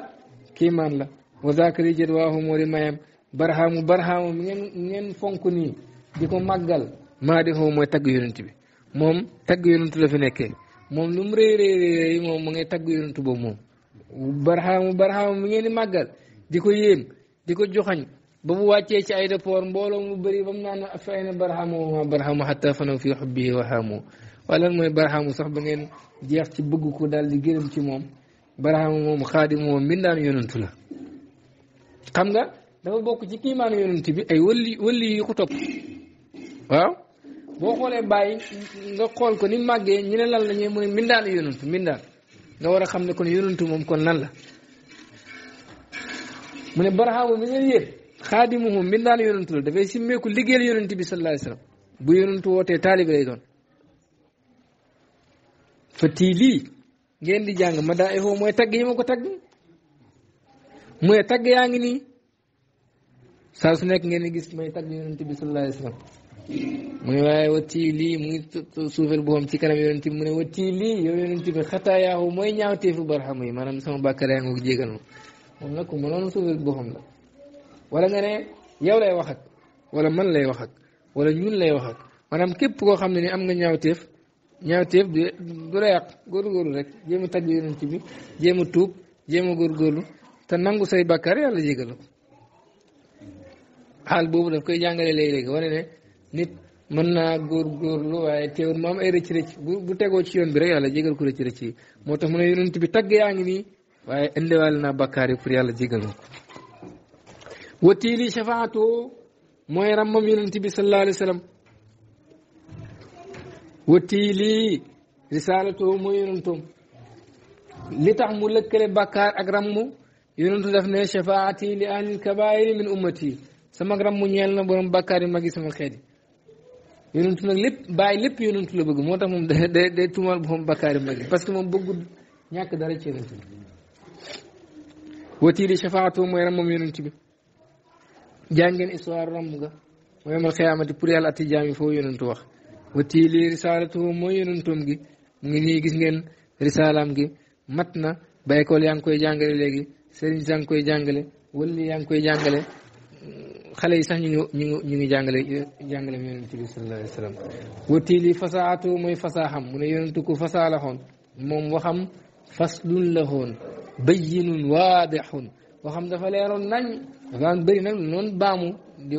Speaker 1: kiimaan la wa zakari jët waaxu moo di mayam barxaamu barxaamu mi ngeen ngeen fonk nii di ko màggal maa di xaw mooy tagg yonent bi moom tagg yonent la fi nekkee moom lu mu rëy rëy rëy moom mu ngay tagg yonent boobu moom barxaamu barxaamu mi ngeen di màggal di ko yéem di ko joxañ ba mu wàccee ci ay rapport mbooloo mu bëri ba mu naan fa ayna barhamu ma barhamu xatta fanaw fi xubbihi waxaamu waaye lan mooy barhamu sax ba ngeen jeex ci bëgg ko daal di gërëm ci moom barhamu moom xaadim moom mbindaan yonantu la xam nga dafa bokk ci kiimaanu yonantu bi ay wëlli wëlli yu ko topp boo xoolee bàyyi nga xool ko ni màggee ñu ne lan la ñuy mu ne mbindaanu yonantu nga war a xam ne kon yonantu moom kon lan la mu ne barhamu xaadimuhu mbindaanu yonentu la dafay simmeeku liggéeyal yonent bi sallallahu bu yonentu wootee taalibi lay doon fa tii di jàng ma mooy tagg yi ma ko tagg mooy tagg yaa ngi su nekk ngeen di gis may tagg yonent wa tii lii mu ngi suufel ci kanam yonent bi mu ne wa tii mooy ñaawteefu barxam yi maanaam sama ko jégal ma moom nag la wala nga ne yow lay wax ak wala man lay wax ak wala ñun lay wax ak maanaam képp koo xam ne ni am nga ñaawteef ñaawteef du du la yàq góorgóorlu rek jéem a tagg yonent bi jéem a tuub jéem a góorgóorlu te nangu say bàkkaar yàlla jégal ko xaal boobu koy jàngale léegi-léegi wane ne nit mën naa góor góorgóorlu waaye teewul mu am ay rëcc rëcc bu bu tegoo ci yoon bi rek yàlla jégal ko rëcc rëcc yi moo tax mu ne yonent bi tagg yaa ngi nii waaye indiwaale naa bàkkaar yi pour yàlla jégal ma watiili shafaatoo mooy ràmmam yonent bi sallallahu alayhi wa sallam watiili risaalatoo mooy yonentoom li tax mu lëkkale bakkaar ak ràmm yonentu daf ne shafaati li ahlil kabaayiri min ummati sama ràmm ñeel na borom bàkkaar yu mag yi sama xeet yi yonentu nag lépp bàyyi lépp yonentu la bëgg moo tax moom day day day tuumal borom bàkkaar que moom bëggul ñàkk dara ci yonentu mooy ràmmam yonent bi jangen histoire romb ga mo yomal xiyamati pour yàlla atti jaami fo yonentu wax wati li risalatuhu mooy yonentum gi mu ngi nii gis ngeen risalam gi mat na bayekool yaa ngi koy jàngale léegi sëriñ saa ngi koy jàngale walli yaa ngi koy jàngale xale yi sax ñu ngi ñu ngi ñu ngi jàngale jàngale m yonente bi sal allah ai sallam wati li fasaatuhu mooy fasaaxam mu ne yonentu ko fasaa laxoon moom waxam faslun lahoon bayinun waadixun waxam dafa leeroon nañ dafa daan bëri nag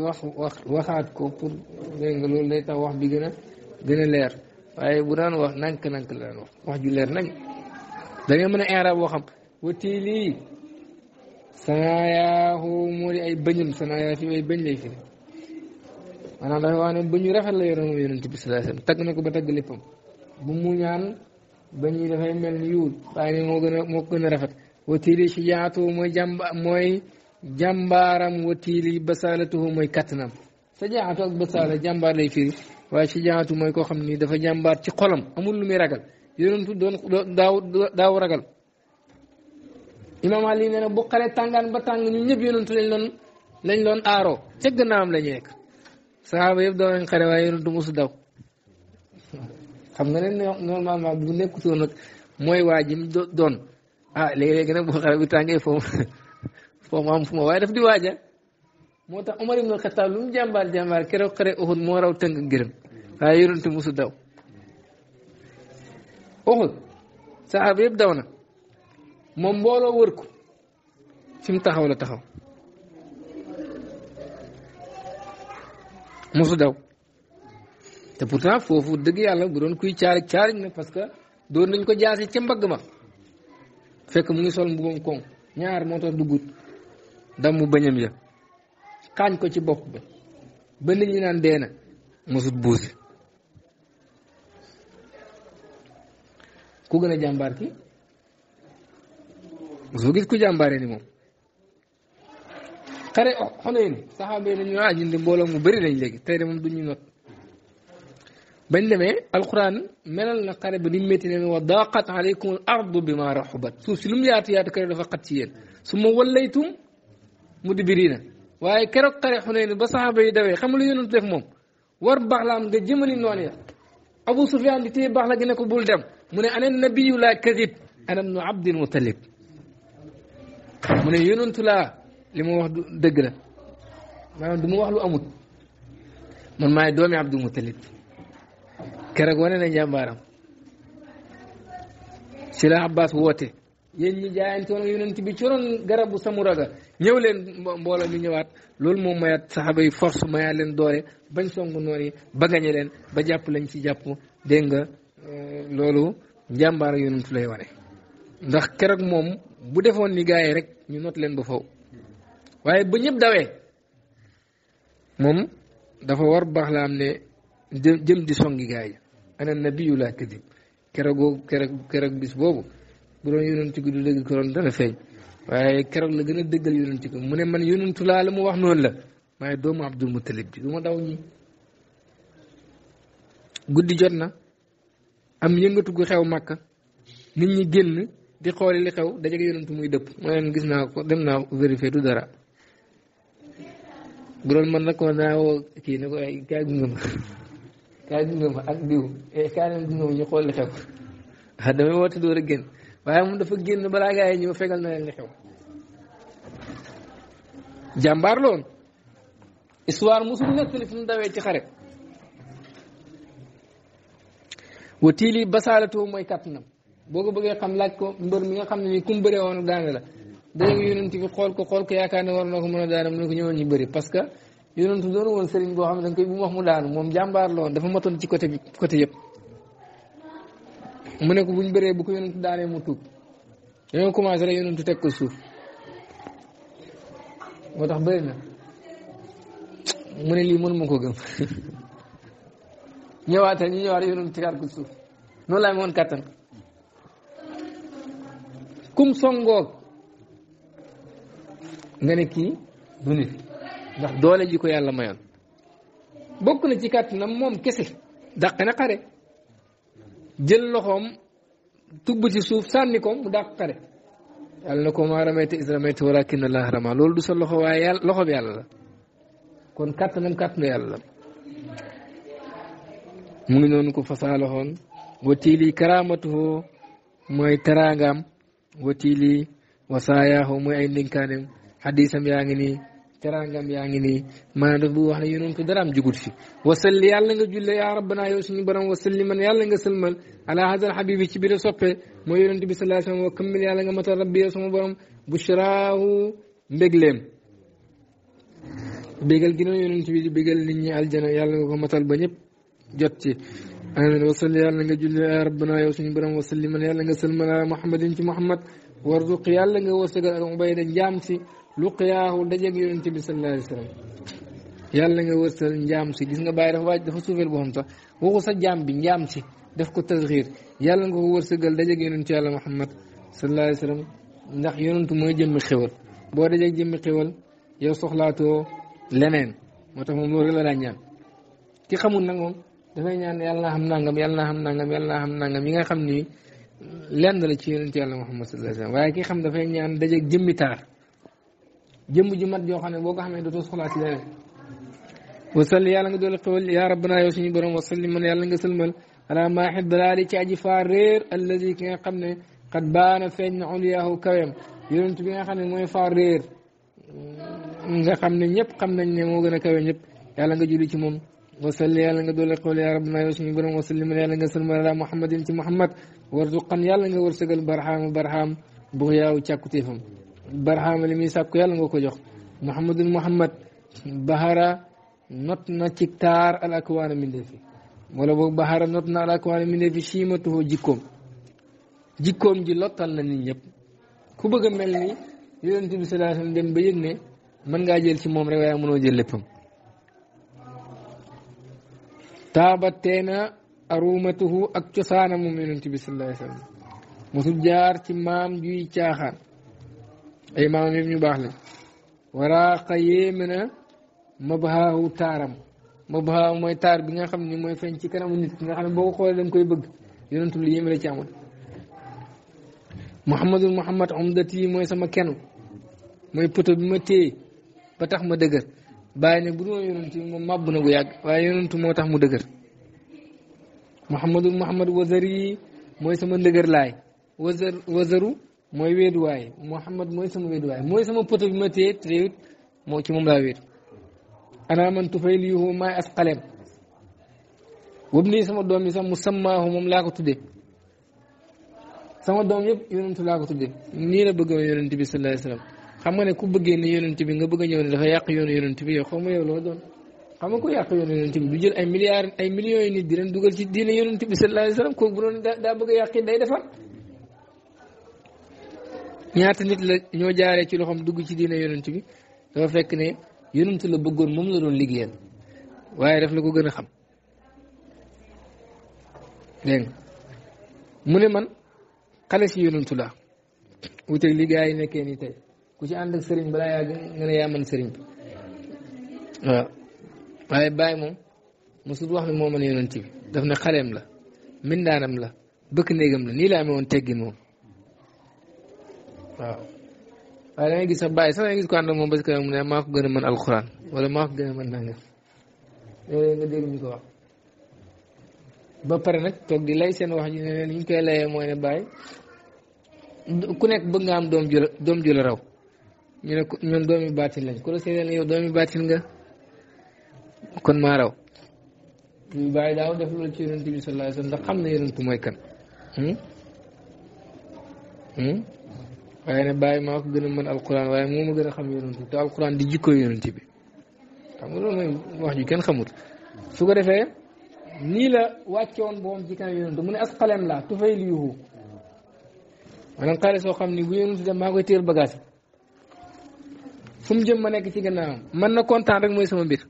Speaker 1: wax wax waxaat ko pour dégg lay wax bi gën a gën waaye bu daan wax nànk nànk la daan wax wax leer nañ da mën a inrab ay bëñ lay firi maanaam dafa wax ne bëñu rafet la yoroon moom yonent tagg na ko ba tagg léppam bu mu ñaan ñu yi dafay mel ni yuul waaye moo gën a moo gën a rafet watiili shijaatu mooy jàmba mooy jàmbaaram watiili basaalatuhu mooy kattanam sajaatu ak basaala jàmbaar lay firi waaye shijaatu mooy koo xam ni dafa jàmbaar ci xolam amul lu muy ragal yonentu doon daaw daaw ragal imaam Ali nee na bu xale tàngaan ba tàng ñun ñëpp yonentu lañ doon lañ doon aaroo ca gannaawam la ñu nekk saxaaba yëpp doon nañ xale waaye yonentu mosu daw xam nga ne normalement bu nekkutoon mooy waa doon ah léegi-léegi nag boo xare bi tàngee foofu foofu am fu ma waaye daf di waaja moo tax Omar ibn Xataab lu mu jàmbaar jàmbaar keroog xare Uhud moo raw tënk gërëm waaye yonent musu daw Uhud saxaaba yëpp daw na moom mbooloo wër ko fi mu taxaw la taxaw musu daw te pourtant foofu dëgg yàlla bu doon kuy caari caariñ na parce que doon nañ ko jaase ca mbagg fekk mu ngi sol mbubam koŋ ñaar moo tax duggut damm bañam ya xaañ ko ci bopp ba ba nit naan dee na mosut buusi ku gën a jàmbaar ki mosoo gis ku jàmbaaree ni moom xare oh, xoneen saxaaba yi dañu ah ñun de mbooloo mu bari lañ léegi tey du ñu not بن دمي القران ملل نقرب لمتين وضاقت عليكم الارض بما رحبت سو سلم يات يات كره فقط سين ثم وليتم مدبرين واي كرو قري حنين بصحابي دوي خملو يونس ديف موم ور بخلام دي جيمني نوني ابو سفيان دي تي بخلا جي نكو بول دم من انا النبي لا كذب انا ابن عبد المطلب من يونس لا لي مو ما دوم واخ لو اموت من ماي دومي عبد المطلب keroog wane na njàmbaaram si la Abbas woote yéen ñi jaayantoon ak yonent bi ci ron garabu samura ga ñëw leen mbooloo mi ñëwaat loolu moom mayaat saxaba yi force mayaat leen doole bañ songu noonu yi ba gañe leen ba jàpp lañ ci jàpp dégg nga euh, loolu njàmbaar yonent lay wane. ndax keroog moom bu defoon ni gars rek ñu noot leen ba faw waaye ba ñëpp dawee moom dafa war baax la am ne. jëm di songi gaay yi ana nabiyu laa kadib keroog keroog keroog bis boobu bu doon yonent gi du dëgg ko dana feeñ waaye keroog la gën a dëggal yonent gi mu ne man yonentu laa la mu wax noon la waaye doomu Abdul Muttalib bi du ma daw ñi guddi jot na am yëngatu gu xew Màkka nit ñi génn di xooli li xew dajeg yonentu muy dëpp ma leen gis naa ko dem naa vérifier du dara bu doon man nag ko naa woo kii ne ko ay kaa gunga ma kaay dundal ak diw eh, kaay dem dundal ñu xool li xew waaw damay woote door a génn waaye moom dafa génn balaa gaa ñëw ñu fegal na leen li xew jàmbaar loon histoire mosul nettali fu mu dawee ci xare wa tiili basaalatoo mooy kàttanam boo ko bëggee xam laaj ko mbër mi nga xam ne nii kum bëree woon daane la dégg nga na ko a daane mu ko ñëwoon ñu bëri parce yonentu doon woon sëriñ boo xam ne danga koy bu mu mu daanu moom jàmbaar la dafa matoon ci côté bi côté yëpp mu ne ko buñ bëree bu ko yonentu daanee mu tuub dañoo commencé rek yonentu teg ko suuf moo tax bëri na mu ne lii mënu ma ko gëm ñëwaate ñu ñëwaat yonentu tegaat ko suuf noonu laa moon kàttan kum songoog nga ne kii ndax doole ji ko yàlla mayoon bokk na ci kàttanam moom kese dàqina xare jël loxoom tubb ci suuf sànni ko mu dàq xare yàlla na ko ma ramayte is ramayte walakin allah rama loolu du sa loxo waaye yàlla loxo bi yàlla la kon kàttanam kàttana yàlla la mu ngi noonu ko fasaaloxoon wa tiili karamatuhu mooy taraangaam wa tiili wa saayaaho mooy ay ninkaanem xadisam yaa ngi nii teraangam yaa ngi nii maanaam daf bu wax ne yonent ko daraam jugut fi wasalli yàlla nga yaa rabbana yow suñu borom wasalli man yàlla nga sëlmal ala hadal bi sallallahu alayhi wasallam wa kammil yàlla nga matal rabbi yow sama borom bushraahu mbégleem bégal gi noonu yonent bi di bégal aljana yàlla nga matal ba ñëpp jot ci amin wasalli yàlla nga julle yaa rabbana yow suñu borom wasalli man yàlla nga sëlmal ala muhammadin ci muhammad warzuq yàlla nga wërsëgal ak ubayda njaam si luqiyaahu dajeeg yonent bi sallallahu alayhi wa sallam yàlla nga wërsal njaam si gis nga bàyyi dafa waaj dafa suufeel boppam sax waxu sa jaam bi njaam si def ko tasxiir yàlla nga ko wërsëgal dajeeg yonent yàlla Muhammad sallallahu alayhi wa sallam ndax yonentu mooy jëmmi xéwal boo dajeeg jëmmi xéwal yow soxlaatoo leneen moo tax moom loolu la daan ñaan ki xamul nag moom dafay ñaan yàlla naa xam nangam yàlla naa xam nangam yàlla naa xam nangam yi nga xam ni lenn la ci yonent yàlla Muhammad sallallahu alayhi wa sallam waaye ki xam dafay ñaan dajeeg jëmmi taar jëmm ji mat joo xam ne boo ko xamee dootoo soxlaa ci leneen wasalli yàlla nga doole xewal yaa rabbana yow suñu borom wasalli man yàlla nga sëlmal ala maaxi dalaali ci aji faa réer alladi ki nga xam ne xat baana feeñ na uliyaahu kawem yonent bi nga xam ne mooy faa réer nga xam ne ñëpp xam nañ ne moo gën a kawe ñëpp yàlla nga julli ci moom wasalli yàlla nga doole xewal yaa rabbana yow suñu borom wasalli man yàlla nga sëlmal ala muhammadin ci muhammad warzuqan yàlla nga wërsëgal barxaam barxaam bu yaaw càkkuteefam barxaama li muy sàkku yàlla nga ko jox muhammadul muhammad bahara not na ci taar al akwaana mindeefi wala boog bahara not na al akwaana mindeefi siimatuhu jikkoom jikkoom ji lottal na nit ñëpp ku bëgg mel ni yonent bi sallallahu alayhi wasallam dem ba yëg ne mën ngaa jël ci moom rek waaye mënoo jël léppam taabatee na arumatuhu ak cosaanam moom yonent bi ci maam juy caaxaan ay maamam yëpp ñu baax lañ waraaqa yéeme na mabhaahu taaram mabhaahu mooy taar bi nga xam ne mooy feeñ ci kanamu nit ki nga xam ne boo ko xoolee koy bëgg yonentu lu yéeme la ci amoon muhammadul muhammad umdati mooy sama kenn mooy poto bi ma téye ma dëgër bàyyi ne bu doon yonentu bi bu yàgg waaye yonentu moo tax mu dëgër muhammadul muhammad wazari mooy sama ndëgër laay wazar wazaru moy wedu way Muhammad moy sama wedu way moy sama poto bi ma téye téyewut moo ci mom la wed ana man tufayl yuhu maay asqaleem wëb nii sama doom yi sax mu sammaahu moom ko tuddee sama dom yëpp yonentou la ko tuddee ni la bëgg yonentou bi sallallahu alayhi wasallam xam nga ne ku bëggee ni yonentou bi nga bëgg ñëw ni dafa yàq yoonu yonent bi yow xaw ma yow lo doon xam nga ku yàq yoonu yonent bi du jël ay milliards ay millions yi nit di leen duggal ci diine yonentou bi sallallahu alayhi wasallam ko bu doon daa bëgg a yàq day defar ñaata nit la ñoo jaaree ci loxoom dugg ci diina yonent bi dafa fekk ne yonent la bëggoon moom la doon liggéeyal waaye daf la ko gën a xam dégg mu ne man xale si yonent la wuteeg li gars yi nekkee nii tey ku ci ànd ak sëriñ balaa yàgg nga ne yaa man sëriñ bi waaw waaye bàyyi moom mosul wax ne moo mën yonent bi daf ne xaleem la mindaanam la bëkk néegam la nii laa amee woon teggin moom waaw waaye da gis sax bàyyi sax da ngay gis ko ànd ak moom parce que mu ne maa ko gën a mën alxuraan wala maa ko gën a mën nangam loolu nga dégg ñu ko wax ba pare nag toog di lay seen wax ji ne leen ñu koy layee mooy ne bàyyi ku nekk bëgg nga am doom ju doom ju la raw ñu ne ko ñoom doom yu baatin lañ ku la seetal ne yow baatin nga kon maa raw ñu bàyyi daaw def loolu ci yonent bi sallallahu alayhi wa ndax xam na yonent mooy kan hmm? Hmm? waaye ne bàyyi maa ko gën a mën alquran waaye moo ma gën a xam yonent bi te alquran di jikko yonent bi xam nga loolu mooy wax ju kenn xamut su ko defee nii la wàccoon boom ci kanam yonent mu ne as xalem la tufay li yuhu xaalis soo xam ni bu yonent dem maa koy téer bagage fu mu jëm ma nekk ci gannaawam man na kontaan rek mooy sama mbir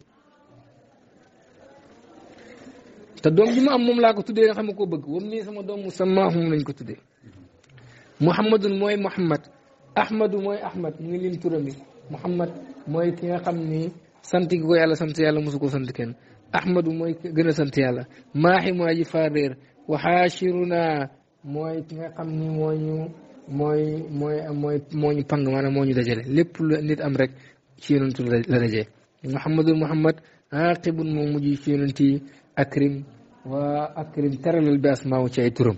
Speaker 1: te doom ji mu am moom laa ko tuddee nga xam ne koo bëgg wam nii sama doom mu sama moom lañ ko tuddee muhammadun mooy muhammad ahmadu mooy ahmad mu ngi lim turam yi muhammad mooy ki nga xam ni sant gi ko yàlla sant yàlla mosu ko sant kenn ahmadu mooy gën a sant yàlla maaxi mooy ji faareer waxaashiruna mooy ki nga xam ni moo ñu mooy mooy mooy moo ñu pang maanaam moo ñu dajale lépp lu nit am rek ci yonentu la dajee muhammadun muhammad aaqibun moo mujj ci yonent yi akrim waa akrim teralal bi asmaaw ci ay turam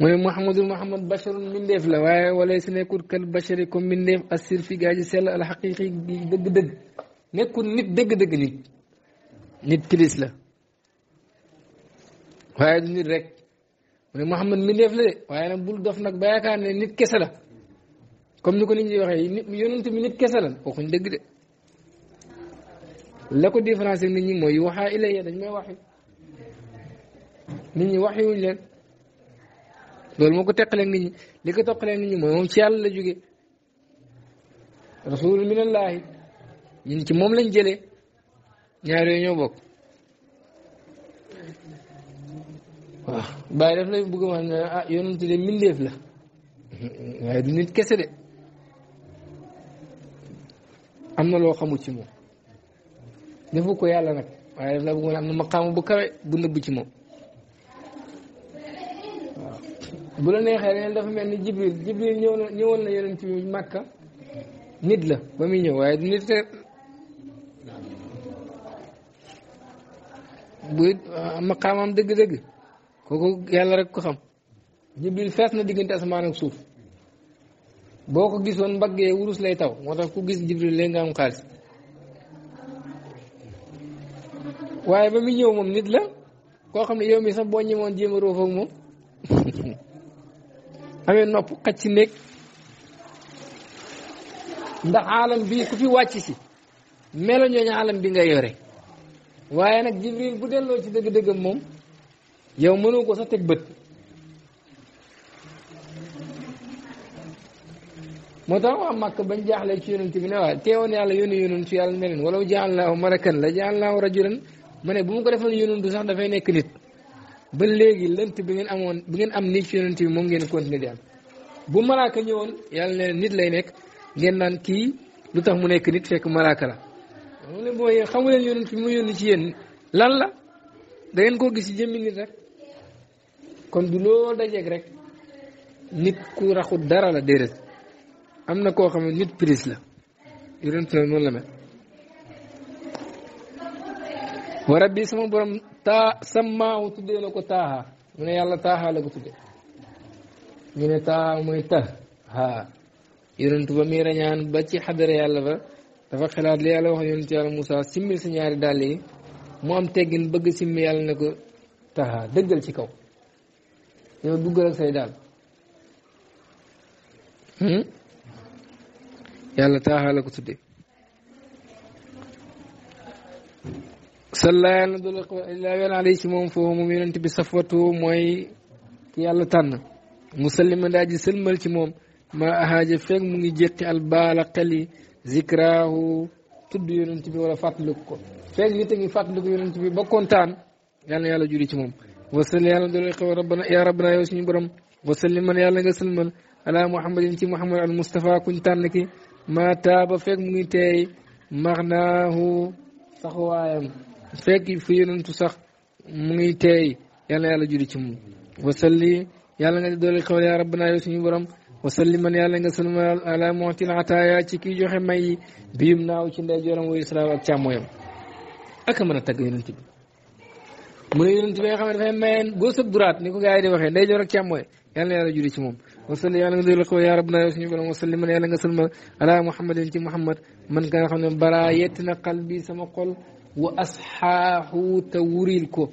Speaker 1: mu ne Mouhamadou Mouhamad basharun mbindeef la waaye wala si nekkul kal bashari comme mbindeef assir fi gaa ji sell al xaqiqi dëgg-dëgg nekkul nit dëgg-dëgg nit nit kilis la waaye du nit rek mu ne Mouhamad mbindeef la de waaye nag bul dof nag ba yaakaar ne nit kese la comme ni ko nit ñi waxee nit yonent bi nit kese la waxuñ dëgg de la ko différencier nit ñi mooy waxaa ilayya dañ may waxi nit ñi waxi wuñ leen. loolu moo ko teqaleeg nit ñi li ko toqaleeg nit ñi mooy moom ci yàlla la jóge rasul minallahi ñun ci moom lañ jëlee ñaar yooyu ñoo bokk waaw bàyyi daf lay bëgg wax ah la waaye du am na loo xamul ci ko yàlla nag waaye na bu kawe bu nëbb ci moom bu la neexee leen dafa mel ni jibril jibril ñëw na ñëwoon na yonent bi màkka nit la ba muy ñëw waaye nit te bu ah, maqaamam dëgg-dëgg kooku yàlla rek ko xam jibril fees na diggante asamaan ak suuf boo ko gisoon mbaggee wurus lay taw moo tax ku gis jibril léegi nga am xaalis waaye ba muy ñëw moom nit la koo xam ne yow mi sax boo ñëwoon jéem a moom amee nopp ka ci néeg ndax alam bi ku fi wàcc si melo ñooñu alam bi ngay yore waaye nag jibril bu delloo ci dëgg-dëggam moom yow mënoo ko sax teg bët moo tax waa Màkk bañ jaaxle ci yonent bi ne waaw teewoon yàlla yónni yonent yàlla ne leen walaw jaalnaahu malakan la jaalnaahu rajulan ma ne bu mu ko defoon yonent sax dafay nekk nit ba léegi lënt bi ngeen amoon bi ngeen am nii ci yonent bi moom ngeen continuer di am bu malaaka ñëwoon yàlla ne nit lay nekk ngeen naan kii lu tax mu nekk nit fekk malaaka la xam ne boo xamu leen yonent bi mu yónni ci yéen lan la da koo gis ci jëmmi nit rek kon du loo dajeeg rek nit ku raxut dara la déedéet am na koo xam ne nit prise la yonent la noonu la mel wa rabbi sama borom taa sammaahu tuddee na ko taaha mu ne yàlla taaha la ko tuddee ñu ne taaha mooy taaha yonentu ba muy rañaan ba ci xadara yàlla ba dafa xalaat li yàlla wax yonentu yàlla Moussa simmil sa ñaari dàll yi mu am teggin bëgg simmi yàlla ne ko taaha dëggal ci kaw yow duggal ak say daal hmm? yàlla taaha la ko tuddee salla yàlla na doole laa yoon alay ci moom foofu moom yonent bi safwatu mooy ki yàlla tànn musallima daa ji sëlmal ci moom ma ahaaja feeg mu ngi jéqi albaala xeli zikraahu tudd yonent bi wala fàttaliku ko feeg nit a ngi fàttaliku yonent bi ba kontaan yàlla na juri ci moom wasalli yàlla na doole xew rabbana yaa rabbana yow suñu borom wasalli man yàlla nga sëlmal ala muhammadin ci muhammad al mustafa kuñ tànn ki ma taaba feeg mu ngi teey maxnaahu saxuwaayam fekk fu yonentu sax mu ngi teey yal na yàlla julli ci moom wasalli yàlla nga doole xawle yaa rabbana yow suñu borom wasalli man yàlla nga salmal ala mutil ataaya ci kii joxe may yi biim naaw ci ndey joram wayu salaam ak càmmooyam ak a mën a tagg yonent bi mu ne yonent bi nga xam ne dafay mayeen boo sëb duraat ni ko gars yi di waxee ndey joor ak càmmooy yal na yàlla julli ci moom wasalli yàlla nga doole xawle yaa rabbana yow suñu borom wasalli man yàlla nga salmal ala muhammadin ci muhammad man ka nga xam ne bara yetti na qalbi sama xol wa asxaaxu te wuril ko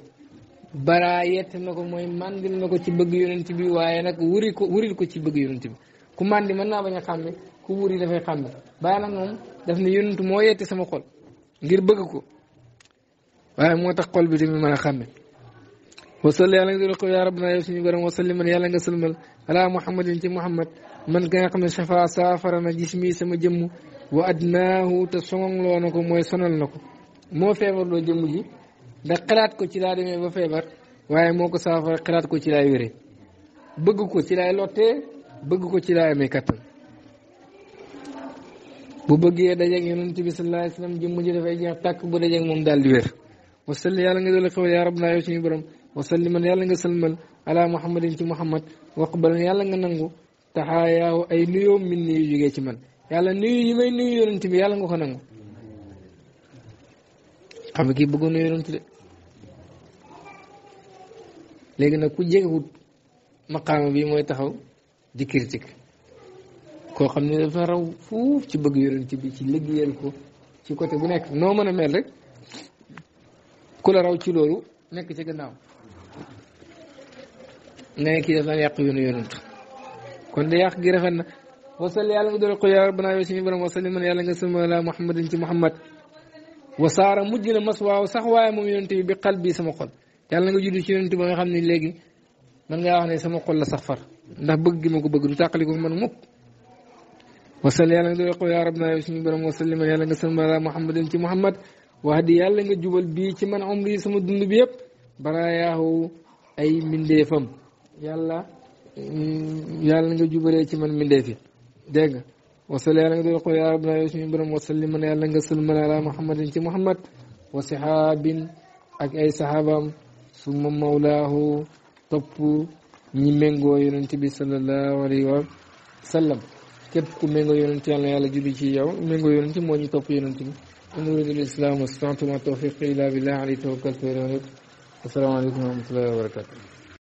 Speaker 1: baraayet na ko mooy mandil na ko ci bëgg yonent bi waaye nag wuri ko wuril ko ci bëgg yonent bi ku mandi man naa bañ a xàmme ku wuri dafay xàmme bàyyi na moom daf ne yonent mooy yetti sama xol ngir bëgg ko waaye moo ta xol bi tamit mën a xàmme wasalli yàlla nga ko yaa rabbana yow suñu borom nga sëlmal ala muhammadin ci muhammad man ka nga xam ne safa saafara na jismi sama jëmm wa adnaahu te soŋloo na ko mooy sonal na ko moo feebar feebarloo jëmm ji ndax xalaat ko ci laa demee ba feebar waaye moo ko saafara xalaat ko ci laay wéree bëgg ko ci laay lottee bëgg ko ci laay amee kattan bu bëggee dajeeg yonent bi sallallahu alayhi wasallam jëmm ji dafay jeex tàkk bu dajeeg moom daal di wér wasalli yàlla nga doole xewal yaa rab naa yow suñu borom wasalli man yàlla nga salmal ala ci muhammad waqbal yàlla nga nangu taxaayaaw ay nuyoo min nuyu jógee ci man yàlla nuyu yi may nuyu yonent bi yàlla nga ko nangu xam nga kii bëggoon na yonent de léegi nag ku jegewut maqaama bi mooy taxaw di critique koo xam ne dafa raw fuuf ci bëgg yonent bi ci liggéeyal ko ci côté bu nekk noo mën a mel rek ku la raw ci loolu nekk ci gannaaw nga ne kii daf daan yàq yoonu yonent kon de yàq gi rafet na wasal yàlla nga doole ko yaa rabbanaa yow suñu borom wasali man yàlla nga sama la muhammadin ci muhammad wasaara mujj na mas waaw sax waaye moom yonent bi bi xal bii sama xol yàlla nga judd ci yonent ba nga xam ne léegi man ngaa wax ne sama xol la sax ndax bëgg ma ko bëgg du tàqali man mukk wasal yàlla nga doy ko yaa rab naa yow suñu borom wasalima yàlla nga sën balaa ci muhammad wax di yàlla nga jubal bi ci man a umri sama dund bi yépp balaa yaaxu ay mbindeefam yàlla mm, yàlla nga jubalee ci man mbindeefi dégg nga وصل yàlla nga doon ko yaa rabbana yow suñu borom wasallim man yàlla nga sëlmal ala muhammadin ci muhammad wa saxaabin ak ay saxaabaam summa mawlaahu topp ñi méngoo yonent bi sallallahu alayhi wa sallam képp ku méngoo yonent yàlla yàlla julli ci yow méngoo yonent moo ñu topp yonent bi in uridu al islam wastatuma tawfiqi illa billah alayhi tawakkaltu wa ilayhi asalaamaaleykum wa rahmatullahi wa barakatuh